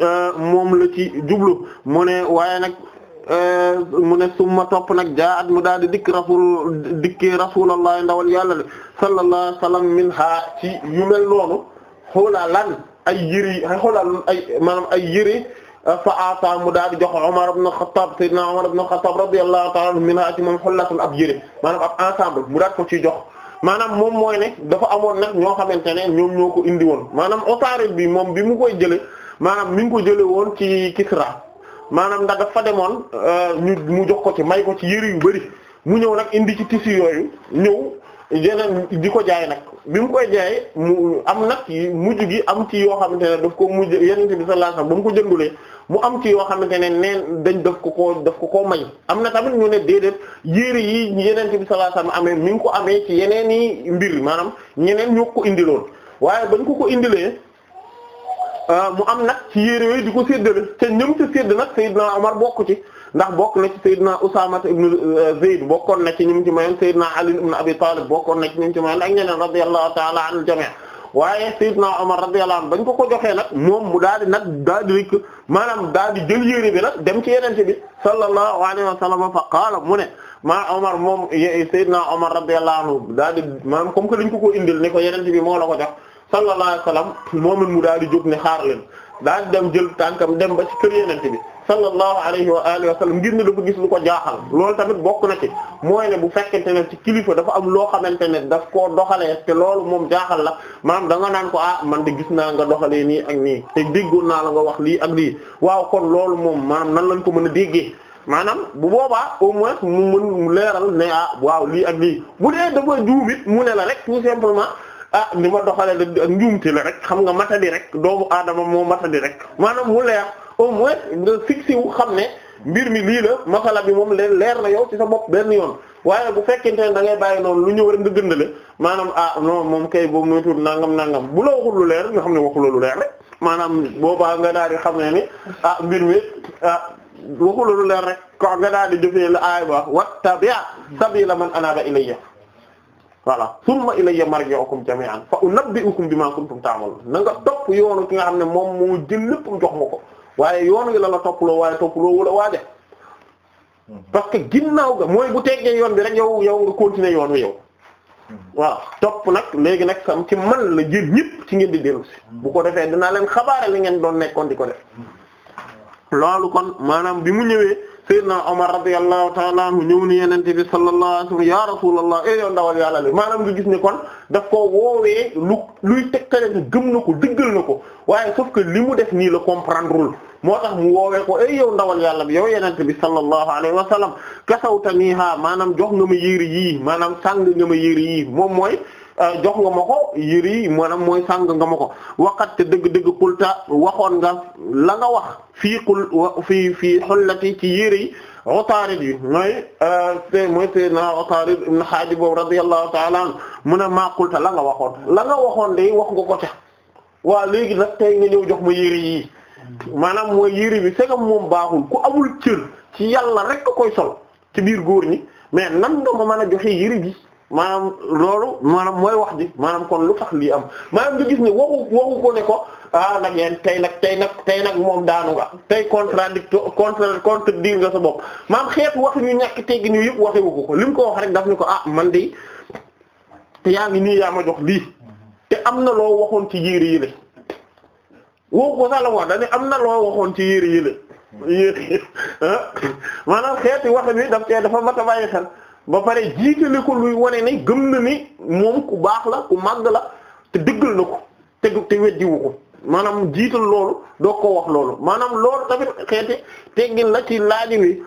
euh, moom la ci jublu mu ne waaye nag euh, mu ne summa topp nag jaa at mu daal di dikk rasul dikki rasulullah ndawal yàlla de sallallahu alayhi min ha ci yu mel noonu xoolal lan ay yëri fa ata mu daal di jox Umar ibn Khattab sayyidina Umar ibn Khattab radiyallahu ta'ala anhu minha ci moom xullatul ab yére maanaam ab ensemble mu daat ko ciy jox maanaam moom mooy ne dafa amoon nag ñoo xamante ne ñoom ñoo ko indi woon maanaam otaaril bi moom bi mu koy jële maanaam mi ngi ko jële woon ci Kisra maanaam ndax dafa demoon euh, ñu mu jox ko ci may ko ci yére yu bari mu ñëw nag indi ci tissu yooyu ñëw yeneen di ko jaay nag bi mu koy jaay mu am nag mujj gi am ci yoo xamante ne daf ko mujj yeneen bi sallallahu alayhi ba mu ko jëndulee mu am ci yoo xamante ne dañ daf ko koo daf ko koo may am na tamit ñu ne déedéet yére yi yeneen bi sallallahu alayhi wasallam ngi ko amee ci yeneen i mbir maanaam ñeneen ñoo ko indiloon waaye bañ ko ko indilee ah, mu am nag ci yére yooyu di ko séddale te ñëm ci sédd nag Seydina Omar bokk ci ndax bokk na ci Seydina Usaama ibn euh, Zayd bokkoon na ci ñu ci mayoon Seydina Ali ibn Abi Talib bokkoon na ci ñu ci mayoon ak ñeneen radiyallahu ta'ala anil jami' waaye Seydina Omar radiyallahu anhu bañ ko ko joxee nag moom mu daal di nag daal di rek maanaam di jël yére bi nag dem ci yenente bi sallallahu alayhi wa sallam fa qaala mu ne maa Omar moom Seydina Omar radiyallahu anhu daal di maanaam comme que liñ ko ko indil ne ko yenente bi moo la ko jox sallallahu alayhi wa sallam moom mu daal di jóg ne xaar leen daal di dem jël tànkam dem ba ci kër yenente bi sallallahu alayhi wa alihi wa sallam ngir ne dafa gis lu ko jaaxal loolu tamit bokk na ci mooy ne bu fekkee ne ci kilifa dafa am loo xamante ne daf koo doxalee te loolu moom jaaxal la maanaam da nga naan ko ah man de gis naa nga doxalee nii ak nii te déggoon naa la nga wax lii ak lii waaw kon loolu moom maanaam nan lañ ko mën a déggee maanaam bu boobaa au moins mu leeral ne ah waaw lii ak lii bu dee dafa juubit mu ne la rek tout simplement ah ni ma doxalee da njuumte la rek xam nga matadi rek doomu aadama moo matadi rek maanaam mu leer. au moins nga fixé wu xam ne mbir mi lii la masala bi moom leen leer na yow ci sa bopp benn yoon waaye bu fekkente ne da bàyyi noonu lu ñëw rek nga gëndale maanaam ah moom kay boobu mooy tuut nangam nangam bu la waxul lu leer xam ne waxuloo lu maanaam boobaa nga daal xam ne ni ah, mbir mi ah leer rek daal di jëfee la aay ba wattabi' sabila man anaba ilayya voilà summa ilayya marji'ukum jami'an fa unabbi'ukum bima na ki nga xam ne moom moo jël lépp jox ma ko waaye yoon wi la la toppaloo waaye toppaloo wu la waaja mhm. parce que ginnaaw ga mooy bu tegee yoon bi rek yow yow nga continuer yoon wi yow mhm. waaw topp nag léegi nag sam ci man la jël ñëpp ci ngeen di dellu si mhm. bu ko defee dinaa leen xabaare la ngeen doon nekkoon di ko def loolu kon maanaam bi mu ñëwee Seydina Omar radiyallahu ta'ala anhu ñëw ni yenente bi sallallahu alayhi wasallam ya rasulullah e yow ndawal yàlla li maanaam nga gis ne kon daf ko woowee lu luy tekkale ne gëm na ko dëggal na ko waaye sauf kë li mu def nii la comprendreul moo tax mu woowee ko ay yow ndawal yàlla bi yow yenente bi sallallahu alayhi wa sallam kasawtaniha maanaam jox nga ma yéri yii maanaam sàng nga ma yéri moom mooy Euh, jox nga ma ko yëri yi maanaam mooy sàng nga ma ko waqat te dëgg-dëgg xulta waxoon nga la nga wax fii xul fii fii xollati ci yëri yi Utaarid yi mooy euh, te mooy Seydina Utaarid ibn Haajib boobu radiyallahu ta'ala anhu mu ne maa la nga waxoon la waxoon de wax nga ko waaw léegi nag tey nga jox ma yëri maanaam mooy bi segam moom baaxul ku amul cër ci yàlla rek koy sol ci biir góor ñi mais nan nga ma mën a joxe yëri bi maanaam loolu maanaam mooy wax ji maanaam kon lu tax lii am maanaam du gis ne waxu waxu ko ne ko ah nag yeen tey nag tey nag tey nag moom daanu nga tey contradictoire contre contredire nga sa bopp maanaam xeetu wax ñu te gi ñu yëpp waxe wu ko li ko wax rek daf ni ko ah man de yaa ngi nii yaa ma jox lii te am na loo waxoon ci yére yii woo ko sax la wax dane am na loo waxoon ci yére yële yére ah, maanaam xeeti wax bi daf tee dafa mat a bàyyi xel ba pare jiitale ko luy wane ne gëm na ni moom ku baax la ku màgg la te dëggal na ko te te weddiwu ko maanaam jiital loolu doo ko wax loolu maanaam loolu tamit xeeti teggin la ci laaj wi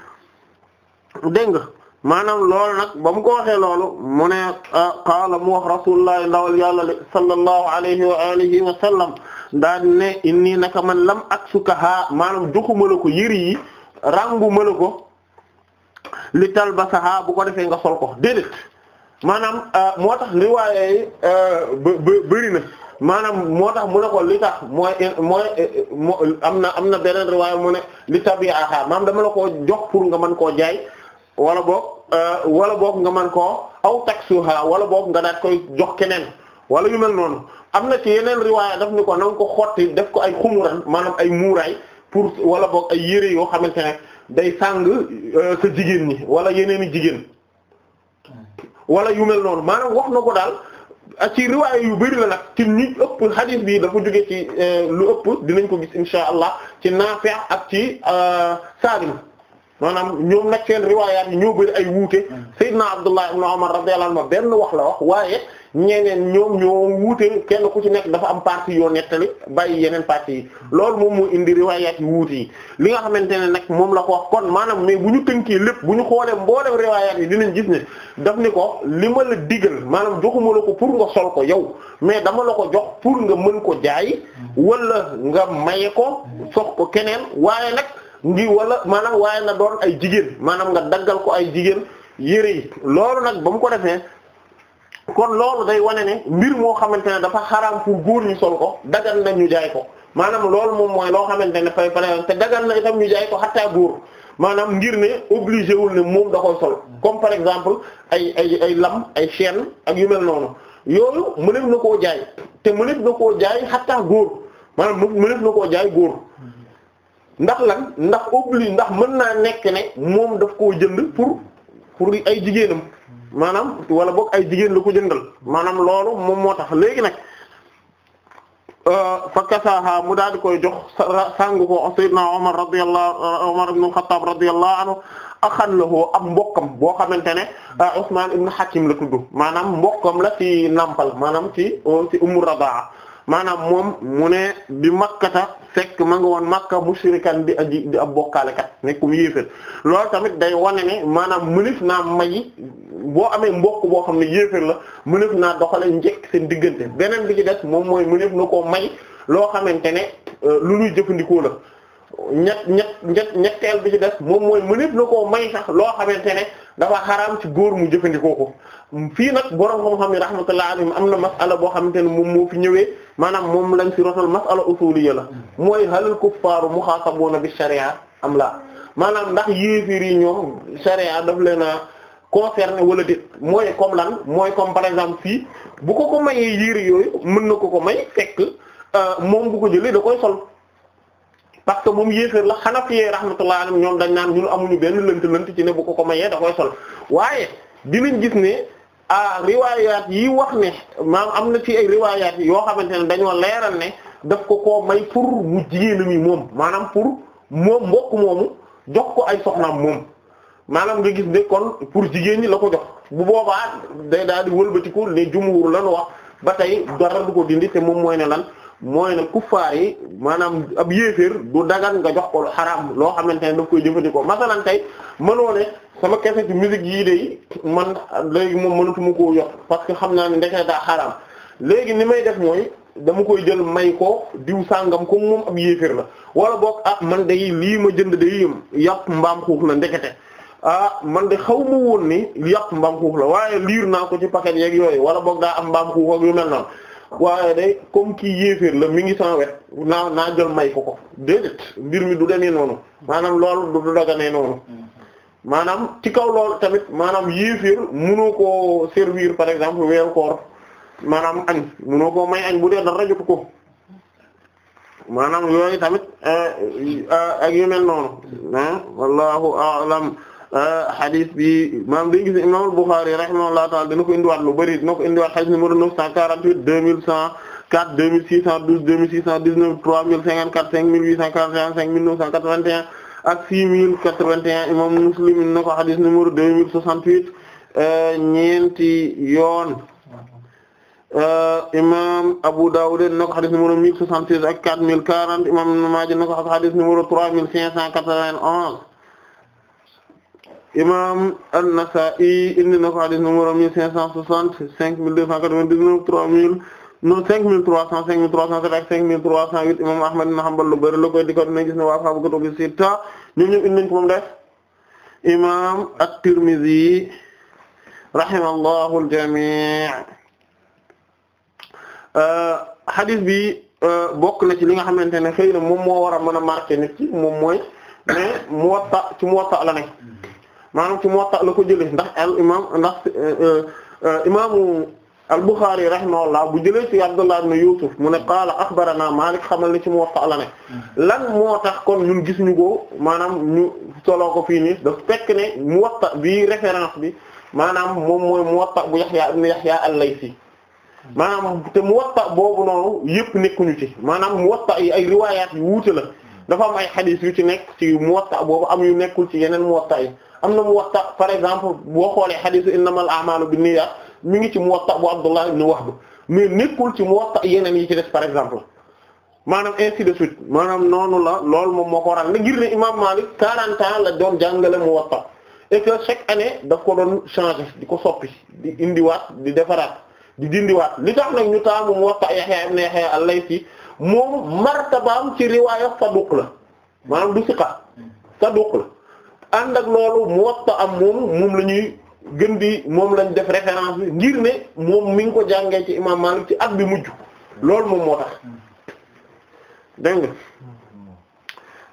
dégg nga maanaam loolu nag ba mu ko waxee loolu mu ne ah, qaala mu wax rasulullah ndawal yàlla de sallallahu alayhi wa alihi wa sallam daal ne inni naka man lam aksukaha maanaam joxuma la ko yëri yi rangu ma la ko li talbasaha bu ko defee nga sol ko déedéet maanaam euh, moo tax riwaaya yi euh, bëri na maanaam moo tax mu ne ko li tax mooy mooy euh, am na am na beneen riwaaya mu ne bi tabi'aha maam dama la koo jox pour nga mën koo jaay wala boog wala boog nga mën koo aw taksuha wala boog nga daat koy jox keneen wala yu mel noonu am na ci yeneen riwaaya daf ni ko na nga ko xotti def ko ay xumuran maanaam ay muuraay pour wala boog ay yére yoo xamante ne day sàng euh, sa jigéen ñi wala yeneeni jigéen wala yu mel noonu maanaam wax na ko daal ci riwaay yu bëri la nag ci ñu ëpp hadith bi dafa jóge ci euh, lu ëpp dinañ ko gis insha allah ci Naafi' ak ci euh, Saalim maanaam ñoom nag seen riwaayaat yi ñoo bëri ay wuute hmm. Seydina Abdullah ibn Umar radiyallahu anhu benn wax la wax waaye ñeneen ñoom ñoo wuute kenn ku ci nekk dafa am partie yoo nettali bàyyi yeneen partie yi loolu moom moo indi riwaayaat yi wuute yi li nga xamante ne nag moom la ko wax kon maanaam mais bu ñu tënkee lépp bu ñu xoolee mboolem riwaayaat yi dinañ gis ne daf ni ko li ma la digal maanaam joxuma la ko pour nga sol ko yow mais dama la ko jox pour nga mën ko jaay wala nga maye ko sox ko keneen waaye nag ngi wala maanaam waaye na doon ay jigéen maanaam nga daggal ko ay jigéen yére yi loolu nag ba mu ko defee. kon loolu day wane ne mbir moo xamante ne dafa xaraam pour góor ñu sol ko dagan na ñu jaay ko maanaam lool moom mooy loo xamante ne fay pare te dagan na itam ñu jaay ko xattaa góor maanaam ngir ne obligé wul ne moom da koy sol par exemple ay ay ay lam ay chaîne ak yu mel noonu yooyu mënef na koo jaay te mënef na koo jaay xattaa góor maanaam mënef na koo jaay góor ndax lan ndax obligé ndax mën naa nekk ne moom daf koo jënd pour pour ay jigéenam maanaam wala boog ay jigéen la ko jëndal maanaam loolu moom moo tax léegi nag euh, fa kasaaha mu daal di koy jox sangu ko sayyidna Umar radiyallahu Umar euh, ibn al-Khattab radiyallahu anhu axan lahu ab mbokkam boo xamante ne euh, Usman ibn Hakim la tudd maanaam mbokkam la ci nampal maanaam ci ci Ummu Rabaa maanaam moom mu ne bi makkata fekk ma nga woon makka mushrikan di aji di ab bokkaalekat nekkum yéeféer lool tamit day wane ne maanaam mënef naa may boo amee mbokk boo xam ne yéeféer la mënef naa doxale njekk seen diggante beneen bi ci des moom mooy mënef na koo may loo xamante ne euh, lu ñuy jëfandikoo la ñett ñetteel bi ci des moom mooy mënef na koo may sax loo xamante ne dafa xaraam ci góor mu jëfandikoo ko fii nag borom moom xam ne rahmatullahi alayhim am na mas'ala boo xamante ne moom moo fi ñëwee maanaam moom lañ ci rotal mas'ala usuliyya la mooy halal kuffaaru muxaasabuuna bi sharia am la maanaam ndax yéefir yi ñoom sharia daf leen a concerné wala déet mooy comme lan mooy comme par exemple fii bu ko ko mayee yére yooyu mën na ko ko may fekk euh, moom bu ko jëlee da koy sol parce que moom yéefir la Hanafi rahmatullahi alayhim ñoom dañ naan ñun amuñu benn lënt lënt ci bu ko ko mayee da koy sol waaye dinañ gis ne. ah riwaayaat yi wax ne maam am na ci ay riwaayaat yoo xamante ne dañoo leeral ne daf ko ko may pour mu jigéenam yi moom maanaam pour moom mbokk moomu jox ko ay soxnaam moom maanaam nga gis ne kon pour jigéen ñi la ko jox bu boobaa day daal di wëlbatiku ne jumhur lan wax ba tey dara du ko dindi te moom mooy ne lan mooy ne kuffaar yi maanaam ab yéeféer du dagan nga jox ko xaraam loo xamante ne daf koy jëfandikoo masalan tey mënoo sama kese ci musique yii déy man léegi moom mënatuma ko yox parce que xam naa ne ndekee daa xaraam léegi ni may def mooy dama koy jël may ko diw sàngam comme moom ab yéeféer la wala boog a ah man day lii ma jënd day yàpp mbaam xuux na ndekete a ah man de xaw ma woon ni yàpp mbaam xuux la waaye liir naa ko ci paquet yeeg yooyu wala boog daa am mbaam xuux ak yu mel noonu waaye day comme kii yéeféer la mi ngi sama wet naa naa jël may ko ko déedéet mbir mi du demee noonu maanaam loolu du daganee noonu maanaam ci kaw lool tamit maanaam yéeféer mënoo ko servir par exemple weeru koor maanaam añ mënoo ko may añ bu dee dara jotu ko maanaam yooyu tamit eh, eh, ak yu noonu ah eh, wallahu a'lam Euh, hadith bi maanaam dañu gis imam Bukhari rahimahullahu ta'ala dina ko indiwaat lu bari dina ko indiwaat hadith numéro 948 2104 2612 2619 3054 5841 5981 ak 6081 imam Muslim na ko hadith numéro 2068 ñeenti yoon imam Abu Dawud na ko xadis numéro 1066 ak 4040 imam Ibn Maaja na ko xadis numéro 3591 imam an-Nasa'i indi na ko hadith numéro mille cinq cent soixante cinq mille deux cent quatre-vingt-dix-neuf trois mille non cinq mille trois cent cinq cinq mille trois cent huit imam Ahmad ibn Hanbal lu bari la koy di ko dinañ gis ne waa faabu kutubu sitta ñoom ñëpp indi nañ ko moom def imam at-Tirmidhi rahimallahu al-jami' euh, hadith bi euh, bokk na ci li nga xamante ne xëy na moom moo war a mën a marqué nit ci moom mooy mais Muwatta ci Muwatta maanaam ci Muwatta la ko jëlee ndax al imam ndax euh, euh, euh, imaamu al-Bukhari rahimahullah bu jëlee ci Abdullah ibn Yusuf mu ne qaala akhbarana Malik xamal ne ci Muwatta la ne mm-hmm. lan moo tax kon ñun gis ñu ko maanaam ñu solo ko fii nii daf fekk ne Muwatta bii référence bi maanaam moom mooy Muwatta bu Yahya ibn Yahya al-Laythi maanaam te Muwatta boobu noonu yëpp nekkuñu ci maanaam Muwatta yi ay riwaayaat yu wuute la mm-hmm. dafa ay xadiis yu ci nekk ci Muwatta boobu am yu nekkul ci yeneen Muwatta yi am na mu waxta par exemple boo xoolee xadiisu innamal a'maalu binniyaat mi ngi ci muwatta bu Abdullah wax Wahb mais nekkul ci muwatta yeneen yi ci des par exemple maanaam ainsi de suite maanaam noonu la lool moom moo ko waral ngir ne imam Malik 40 la doon jàngale muwatta et que chaque année daf ko doon changer di ko soppi di indiwaat di defaraat di dindiwaat li tax nag ñu taamu muwatta Yahya ibn Yahya al-Laythi moom martabaam ci riwaaya saduq la maanaam du siqa saduq la. ànd ak loolu Muwatta am moom moom la ñuy gën di moom lañ def référence ngir ne moom mi ngi ko jàngee ci imam Malik ci at bi mujj loolu moom moo tax dégg nga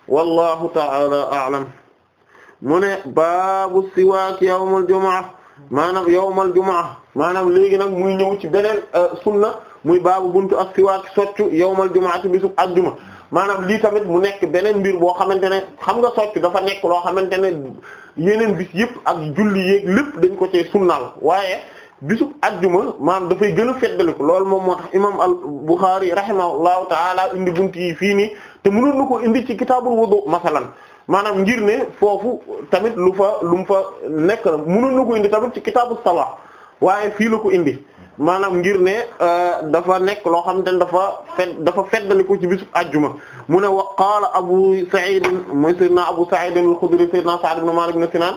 wallahu ta'ala a'lam mu ne baabu siwaak yawmal jumaa maanaam yawmal jumaa maanaam léegi nag muy ñëw ci beneen euh, sunna muy baabu buntu ak siwaak soccu yawmal jumaa ci bisub àjjuma maanaam lii tamit mu nekk beneen mbir boo xamante ne xam nga socc dafa nekk loo xamante ne yeneen bis yëpp ak julli yeeg lépp dañ ko cee sunnaal waaye bisub ajjuma maanaam dafay gën a feddaliku lool moom moo tax imam al Bukhari rahimahullahu taala indi bunt yi fii nii te mënoon na ko indi ci kitaabul wudu masalan maanaam ngir ne foofu tamit lu fa lu mu fa nekk la mënoon ko indi tamit ci kitaabu salaat waaye fii la ko indi maanaam ngir ne euh, dafa nekk loo xamante ne dafa fed dafa feddali ko ci bisub ajjuma mu ne wa qaala Abu Sa'id mooy sayyidina Abu Sa'id al-Khudri sayyidina Sa'd ibn Malik ibn Sinan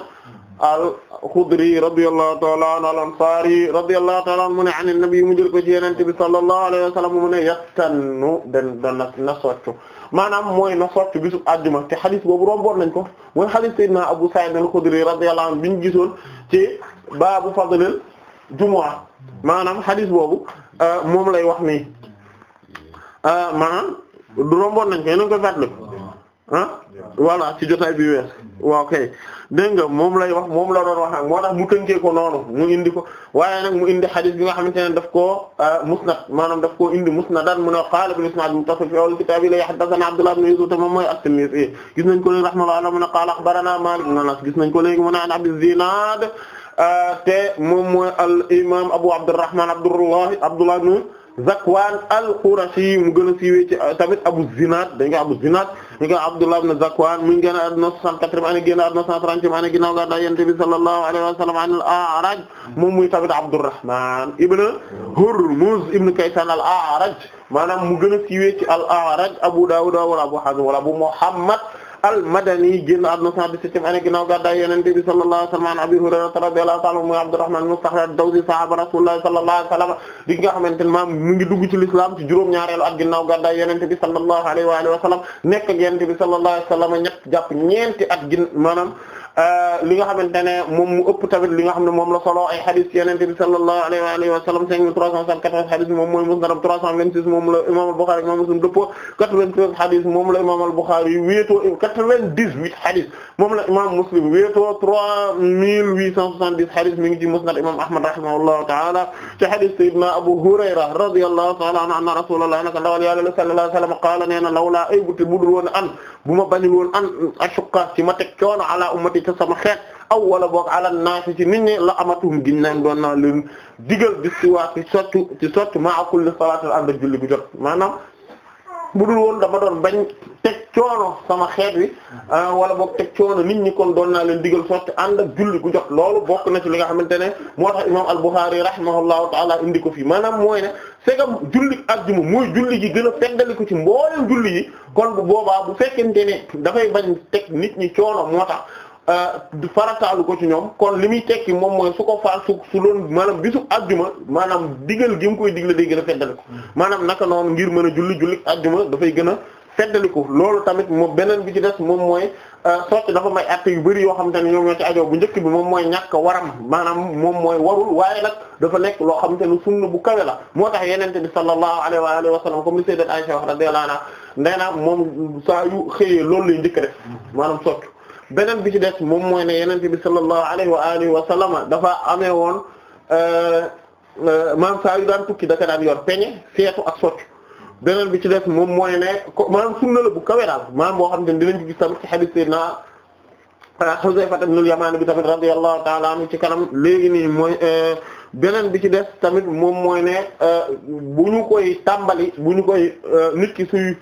al-Khudri radiyallahu ta'ala anhu al-Ansari radiyallahu ta'ala anhu mu ne an an-nabi mu jël ko ci yenente bi sallallahu alayhi wa sallam mu ne yattannu den da na soccu maanaam mooy na soccu bisub ajjuma te xadis boobu romboon nañ ko mooy xadis sayyidina Abu Sa'id al-Khudri radiyallahu anhu bi ñu gisoon ci baabu fadlil jumaa maanaam xadis boobu euh, moom lay wax nii euh, maanaam romboon nañ ko yéen a ngi koy fàttali ah voilà ci jotaay bi weer waaw kay dégg nga moom lay wax moom la doon wax ak moo tax mu tënkee ko noonu mu indi ko waaye nag mu indi xadis bi nga xamante ne daf ko euh, musnad maanaam daf koo indi musnadan mu ne qaala ibn Isma'il muttasil fi awwal kitaab yi la haddathana Abdullah ibn Yusuf moom mooy at-Tinnisi gis nañ ko léegi rahimahullah mu ne qaala akhbarana Malik ibn Anas gis nañ ko léegi mu ne an Abi Zinad Euh, te moom mooy al imam Abu Abdurrahman Abdullah Abdullah ibn Zakwan al-Qurashi mu gën a siiwee ci euh, tamit Abu Zinad dañ koy Abu Zinad ñu koy Abdullah ibn Zakwan mi ngi génn àdduna 180 ani génn àdduna 130 ani ginnaaw ga da yonent bi sallallahu alayhi wa sallam an al-A'raj moom muy tamit Abdurrahman ibn Hurmuz ibn Kaysan al-A'raj maanaam mu gën a siiwee ci al-A'raj Abu Dawud wala Abu Hazim wala Abu Muhammad al-Madani génn àdduna 117e année ginnaaw gàddaay Yonent bi sallallahu alayhi wa sallam Abi Hurayra radiyallahu ta'ala anhu Abdurrahman ibn Sakhr ad-Dawsi sahaaba Rasulullah sallallahu alayhi di nga xamante ne maam mu ngi dugg ci l'islam ci juróom-ñaareelu at ginnaaw gàddaay Yonent bi sallallahu alayhi wa sallam nekk ak Yonent bi sallallahu alayhi wa sallam ñett jàpp ñeenti at gi maanaam Euh, li nga xamante moom la solo ay xadis yonent bi sallallahu alayhi moom la imam al moom la imam al-Bukhari moom la imam Muslim wéetoo 3870 xadis mi ngi ci musnad imam Ahmad rahimahullahu ta'ala ci xadis ta'ala anhu anna rasulullah naka ndawal yàlla sallallahu alayhi wa sallam qaala nee na lawlaa ma bañul woon an ashuqqa ci ca sama xeet aw wala boog ala naasi ci nit ñi la amatum giñ naan doon naa leen digal bis ci waa ci sottu ci sottu maa kulli salaatul ànd ak julli bu jot maanaam bu dul woon dama doon bañ teg coono sama xeet wi euh, wala boog ñi kon doon naa leen digal sotti ànd ak julli bu jot na li nga xamante ne moo tax imaam al-Bukhari rahimahullahu ta'ala indi ko fii maanaam mooy ne c'est julli ajjuma mooy julli gi gën a feddali ko ci mboolem julli yi kon bu boobaa bu fekkente nit ñi coono moo farataalu ko ci ñoom kon li muy tekki moom mooy su ko faa su su loon maanaam bisu ajjuma maanaam digal gi mu koy digle day gën a feddaliku maanaam naka noonu ngir mën a julli julli ajjuma dafay gën a feddaliku loolu tamit moom beneen bi ci des moom mooy euh, sotti dafa may atte yu bari yoo xamante ne ñoom ñoo ci ajoo bu njëkk bi moom mooy ñàkk waram maanaam moom mooy warul waaye nag dafa nekk loo xamante ne sunna bu kawe la moo tax yenente bi sallallahu alayhi wa alihi wa sallam comme li sayyidat wax radiyallahu anha nee na moom saa yu xëyee loolu lay njëkk def maanaam sotti beneen bi ci des moom mooy ne yenente bi sallallahu alayhi wa alihi wa sallama dafa amee woon euh, euh, maam saa yu daan tukki daka daan yor peñe seetu ak soccu beneen bi ci des moom mooy ne maam sunna la bu kawe daal maam boo xam ne dinañ gis tamit ci hadith sayyidina euh, Huzayfa ibn al-Yaman bi tamit radiyallahu ta'ala anhu ci kanam léegi nii mooy beneen bi ci des tamit moom mooy bu ñu koy tàmbali bu ñu koy nit ki suy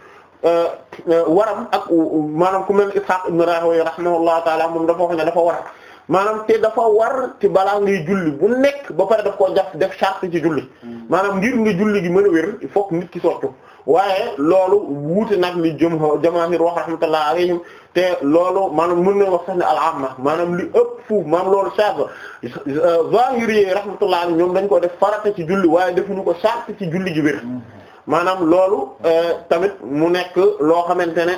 Euh, euh, waram ak maanaam ku mel Ishaq ibn Rahowi rahimahullahu taala moom dafa wax ne dafa war maanaam te dafa war ci balaa ngay julli bu nekk ba pare daf koo jaf def charte ci julli hmm. maanaam ngir ngi julli gi mën a wér il nit ki sottu waaye loolu wuute nag li jëm jamaahir wax rahmatullah alayhim te loolu maanaam mën na wax sax ne al-amma maanaam li ëpp fuuf maanaam loolu charte zahiri euh, rahmatullah alayhim ñoom dañ ko def farata ci julli waaye defuñu ko charte ci julli gi wér hmm. maanaam loolu euh, tamit mu nekk loo xamante ne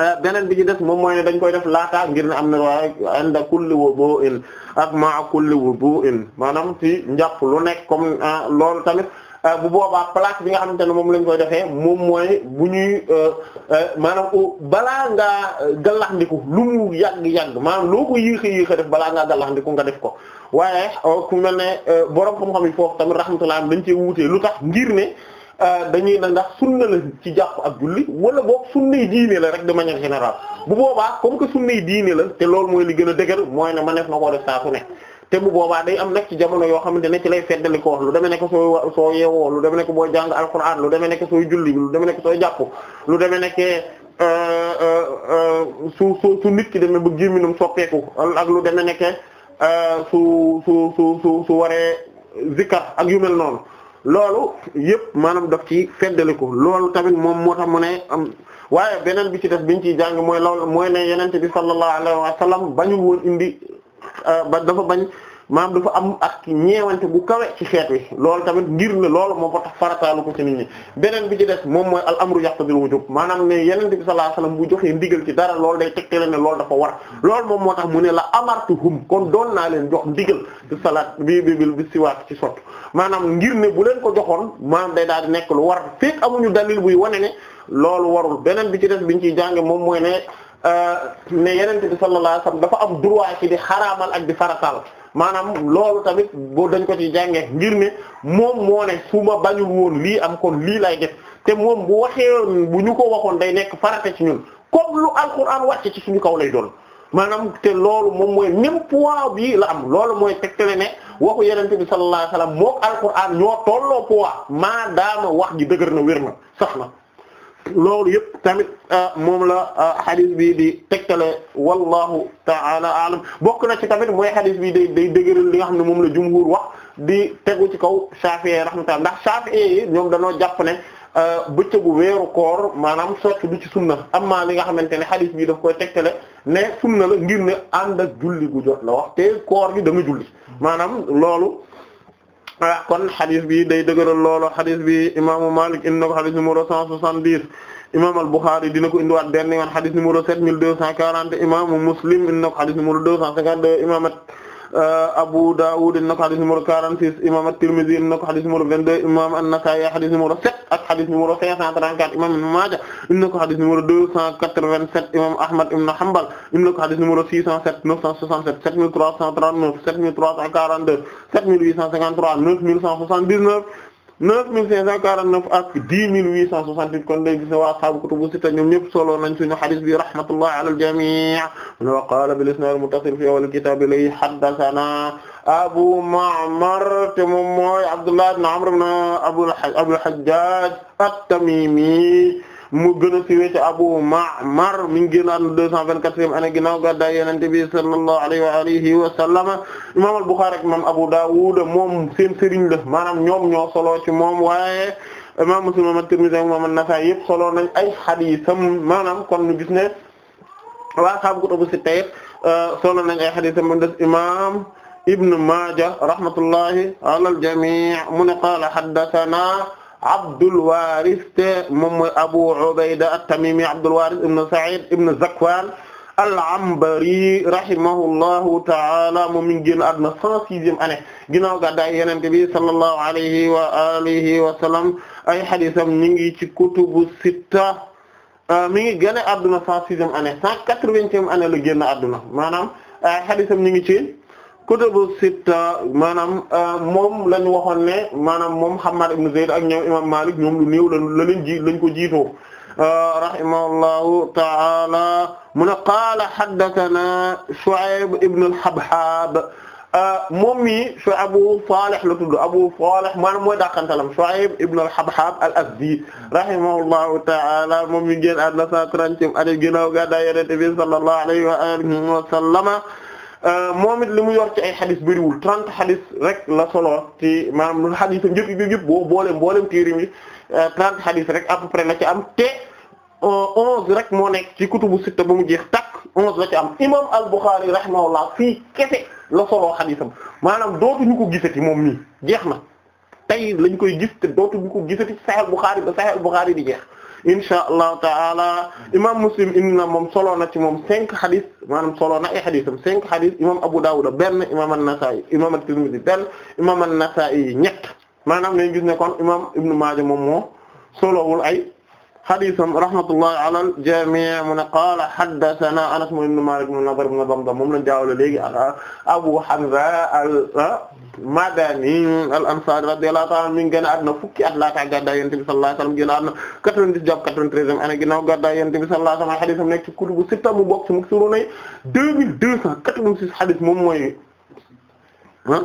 euh, beneen bi ci des moom mooy ne dañ koy def laata ngir ne am na waaye ànda kulli wudu'in ak maa kulli wudu'in maanaam ci njàpp lu nekk comme euh, loolu tamit bu boobaa place bi nga xamante ne moom lañ koy defee moom mooy bu ñuy maanaam balaa ngaa gallaxndiku lu mu yàgg-yàgg maanaam loo ko yéex a yéex a def balaa ngaa gallaxndiku nga def ko waaye ku mel ne borom xam-xam yi foofu tamit rahmatullah dañ cee wuutee lu tax ngir ne Euh, dañuy na ndax sunna la ci jàpp ak julli wala boog sunnay diine la rek de manière général bu boobaa comme que sunnay diine la te loolu mooy li gën a dëgër mooy ne ma neef na koo def saa su te bu boobaa day am nag ci jamono yoo xamante ne ci lay feddali ko wax lu deme nekk soo soo yeewoo lu deme nekk boo jàng alxuraan lu deme nekk sooy julli lu deme nekk sooy jàpp lu deme nekk euh, euh, su su su nit ki demee ba gémminum soppeeku ak lu deme nekk su su su su waree zikkar ak yu mel noonu loolu yëpp maanaam daf ci feddali loolu tamit moom moo tax mu am waaye beneen bi ci def biñ ciy jàng mooy loolu mooy ne yenente bi sallallahu alayhi wa sallam bañu woon indi euh, ba dafa bañ maam dafa am ak ñeewante bu kawe ci xeet wi loolu tamit ngir ne loolu moo ko tax farataalu ko ci nit ñi beneen bi ci des moom mooy al amru yaqtadil wujub maanaam ne yeneen bi sallallahu alayhi wasallam bu joxee ndigal ci dara loolu day tegtale ne loolu dafa war loolu moom moo tax mu ne la amartuhum kon doon naa leen jox ndigal ci salaat bi bi bi siwaat ci sott maanaam ngir ne bu leen ko joxoon maanaam day daal di nekk lu war fekk amuñu dalil buy wane ne loolu warul beneen bi ci des biñ ciy jànge moom mooy ne euh, ne yeneen bi sallallahu alayhi wasallam dafa am droit ci di xaraamal ak di farataal maanaam loolu tamit boo dañ ko ci jàngee ngir ne moom moone ne su ma bañul woon lii am kon lii lay def te moom bu waxee bu ñu ko waxoon day nekk farate ci ñun comme lu alquran wax ci ci suñu kaw lay doon maanaam te loolu moom mooy même poids bi la am loolu mooy tegtale ne waxu yenente bi sallallahu alayhi wasallam mook alquran ñoo tolloo poids maadaama wax ji dëgër na wér na sax na loolu yëpp tamit ah, moom la hadith ah, bi di tegtale wallahu ta'ala a'lam bokk na ci tamit mooy hadith bii day day dëgëral li nga xam ne moom la jumhur wax di tegu ci kaw Shafi'i rahmatullah ndax Shafi'i ñoom dañoo jàpp ne ah, bëccëgu weeru koor maanaam socc du ci sunna amma li nga xamante ne hadith bi daf koy tegtale ne sunna la ngir ne ànd ak julli gu jot la wax te koor gi dama julli maanaam loolu. ah kon xadis bi day dëgëral loolo xadis bi imaamu Malik indi na ko xadis numéro 170 imam al-Bukhari dina ko indiwaat benn yoon xadis numéro 7240 imaamu Muslim indi na ko xadis numéro 252 imam Euh, Abu Dawud indi na ko xadis numéro 46 imam At-Tirmidhi indi na ko xadis numéro 22 imam An-Nasa'i xadis numéro 7 ak xadis numéro 534 imam Ibn Maaja indi na ko xadis numéro 287 imam Ahmad ibn Hanbal indi na ko xadis numéro 607 967 7339 7342 7853 9179 9549 ak 10868 kon léegi sa waa ashaabu kutubu sitta ñoom ñëpp solo nañ suñu xadis bi rahmatullahi ala al-jami' wa qaala bil isnaad al muttasil fi awwal kitaab li haddathana Abu Ma'mar te moom mooy Abdullah ibn Amr ibn Abul Hajjaj at-Tamimi mu gën a siiwee ci Abu Ma'mar mi ngi génn àdduna 224e année ginnaaw gàddaay Yonent bi sallallahu alayhi wa alihi wa sallam imaam al-Bukhari ak imaam Abu Dawud moom seen sëriñ la maanaam ñoom ñoo solo ci moom waaye imaam Muslim, imaam at-Tirmidhi, imaam an-Nasa'i yëpp solo nañ ay hadiisam maanaam kon ñu gis ne. waa xam kutubu sitta euh, solo nañ ay hadith mu des imaam Ibn Maaja rahmatullahi alal jamii mu ne qaala haddathana Abdul Waaris te moom mooy Abu Ubayda at-Tamimi Abdul Waaris ibn Sa'id ibn Zakwan al-Anbari rahimahullahu ta'ala moom mi ngi génn àdduna 106e année ginnaaw gàddaay Yonent bi sallallahu alayhi wa alihi wa sallam ay haditham ñu ngi ci kutubu sitta Euh, mi ngi génn adduna cent sixième année cent quatre-vingtième année la génn adduna maanaam hadisam euh, ñu ngi ci kutubu sitta maanaam euh, moom lañ waxoon ne maanaam moom Hammad ibn Zayd ak ñoom imam Malik ñoom lu la la leen ji lañ ko jiitoo rahimahullahu ta'ala mu ne qaala haddathana Shu'ayb ibn al-Habhab Euh, moom mii su Abu Salih la tudd Abu Salih maanaam mooy dàqantalam Shu'ayb ibn al-Habhab al-Azdi rahimahullahu ta'ala moom mi génn àdduna 130 at ginnaaw gàddaay Yonent bi sallallahu alayhi wa alihi wa sallama euh, moom it li mu yor ci ay xadis bëriwul 30 xadis rek la solo ci maanaam xadis yëpp yëpp boo boolem boolem tiirim yi 30 euh, xadis rek à la ci am te. onze rek moo nekk ci kutubu sitta ba mu jeex takk onze la ci am imam al-Bukhari rahimahullah fii kese la soloo xadisam maanaam dootuñu ko gisati moom nii jeex na tey lañ koy gis te dootuñu ko gisati Sahih al-Bukhari ba Sahih al-Bukhari di jeex insha allahu taala imam Muslim indi na moom soloo na ci moom cinq xadis maanaam soloo na ay xadisam cinq xadis imam Abu Dawud benn imam an-Nasa'i imam at-Tirmidhi benn imam an-Nasa'i ñett maanaam lañ gis ne kon imam Ibn Majah moom moo solowul ay xadisam rahmatullahi ala al-jamii' mu ne qaala haddasanaa Anas ibn Maalik ibn Nadr ibn Damdam moom lañ jaawale léegi Abu Hamza al-Madani ah, al-Ansaari radiyallahu ta'ala mi ngi génn àdduna fukki at laata gàddaay Yonent bi sallallahu alayhi wa sallam génn àdduna 90 jàpp 93e année ginnaaw gàddaay Yonent bi sallallahu alayhi wa sallam xadisam nekk ci kutubu sitta mu bokk ci muksiruun 2286 xadis moom mooy ah.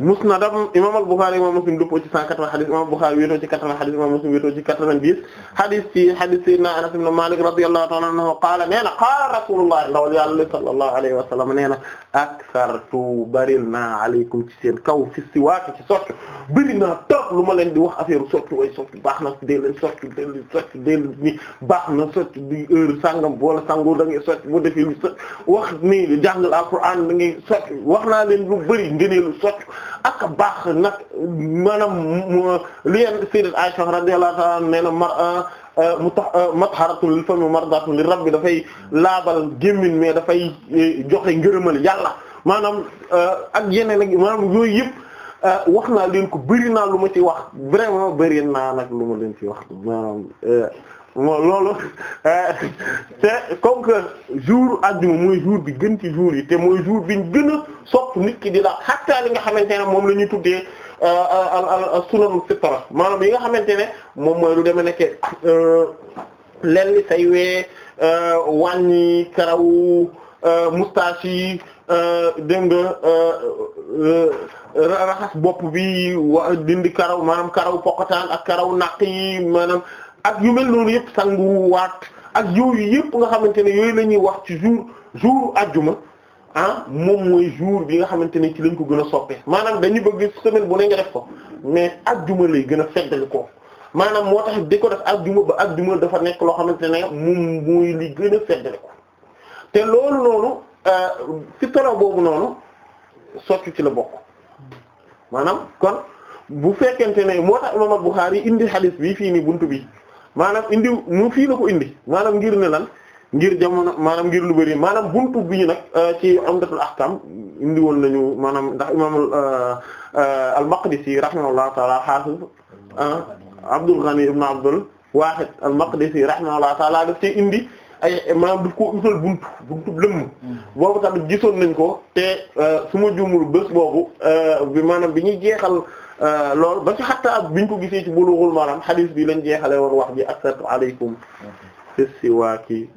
musnadam imam al-Bukhari imam Muslim dëppoo ci 180 xadis imam Bukhari wéetoo ci 80 xadis imam Muslim wéetoo ci 90 xadis ci xadis sayyidina Anas ibn Malik radiyallahu ta'ala anhu qaala nee na qaala rasulullah ndawal yàlla sallallahu alayhi wa sallam nee na aksartu baril naa aleykum ci seen kaw fi siwaak ci socc bëri naa toog lu ma leen di wax affaire socc way socc baax na dee leen socc dee leen socc dee leen ni baax na socc di heure sàngam boola sàngo da ngay socc boo defee lu socc wax ni jàngal alquran da ngay socc wax naa leen lu bëri ngëneelu socc noppi ak a baax nag maanaam li yenn sayyidat Aisha radiyallahu ta'ala nee na euh, euh, mu tax euh, matharatun lil fami mardatun lir rabbi dafay laabal gémmin mais dafay joxe ngërëmal yàlla maanaam ak yeneen ak maanaam yooyu yëpp wax naa leen ko bëri naa lu ma ci wax vraiment bëri naa nag lu ma leen ci wax maanaam loolu eh, te comme que jour àjjuma mooy jour bi gën ci jour yi te mooy jour biñ gën a nit ki di la xattaa li nga xamante ne moom la ñuy tuddee euh, euh, sunanu fitra maanaam yi nga xamante ne moom mooy lu deme nekke euh, lenn say wee wàññi karaw moustache yi dégg raxas bopp bi wa dindi karaw maanaam karaw poqataan ak karaw naq yi maanaam ak yu mel noonu yëpp sangu waat ak yooyu yëpp nga xamante ne yooyu la ñuy wax ci jour jour ajjuma ah moom mooy jour bi nga xamante ne ci lañ ko gën a soppee maanaam dañuy bëgg semaine bu ne nga def ko mais ajjuma lay gën a feddali ko maanaam moo tax di ko def ajjuma ba ajjuma dafa nekk loo xamante ne moom mooy li gën a feddali te loolu noonu euh, ci boobu noonu soccu ci la bokk maanaam kon bu fekkente ne moo tax xaar Bukhari indi hadith bi fii nii buntu bi maanaam indi mu fii la ko indi maanaam ngir ne ngir jamono maanaam ngir lu bari maanaam buntu bi nag euh, ci Umdatul Ahkam indi woon nañu maanaam ndax imaam euh, euh, al-Maqdisi rahimahullahu ta'ala hafiz Abdul Ghani ibn Abdul Wahid al-Maqdisi rahimahullahu ta'ala daf ci indi ay maanaam daf ko utal buntu buntu lëmm hmm. boobu tamit gisoon nañ ko te suma ma jumul bés boobu bi bi ñuy jeexal Euh, loolu ba ci xataa biñ ko gisee ci Bulughul Maram xadis bi lañ jeexale woon wax bi assalamu alaykum fi siwaaki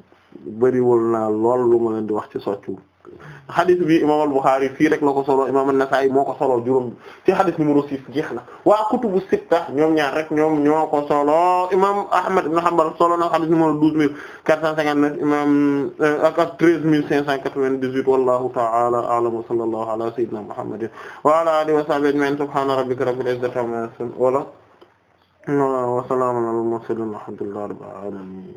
bëriwul naa lool lu ma leen di wax ci soccu xadis bi imam al-Bukhari fii rek la ko solo imam an-Nasa'i moo ko solo juróom ci xadis numéro six jeex na waa kutubu sitta ñoom ñaar rek ñoom ñoo ko solo imam Ahmad ibn Hanbal solo na xadis numéro douze mille quatre cent cinquante neuf imam euh, ak treize cinq cent quatre-vingt-dix-huit wallahu ta'ala ala sayyidina wa ala alihi wa wala wa salamun alamin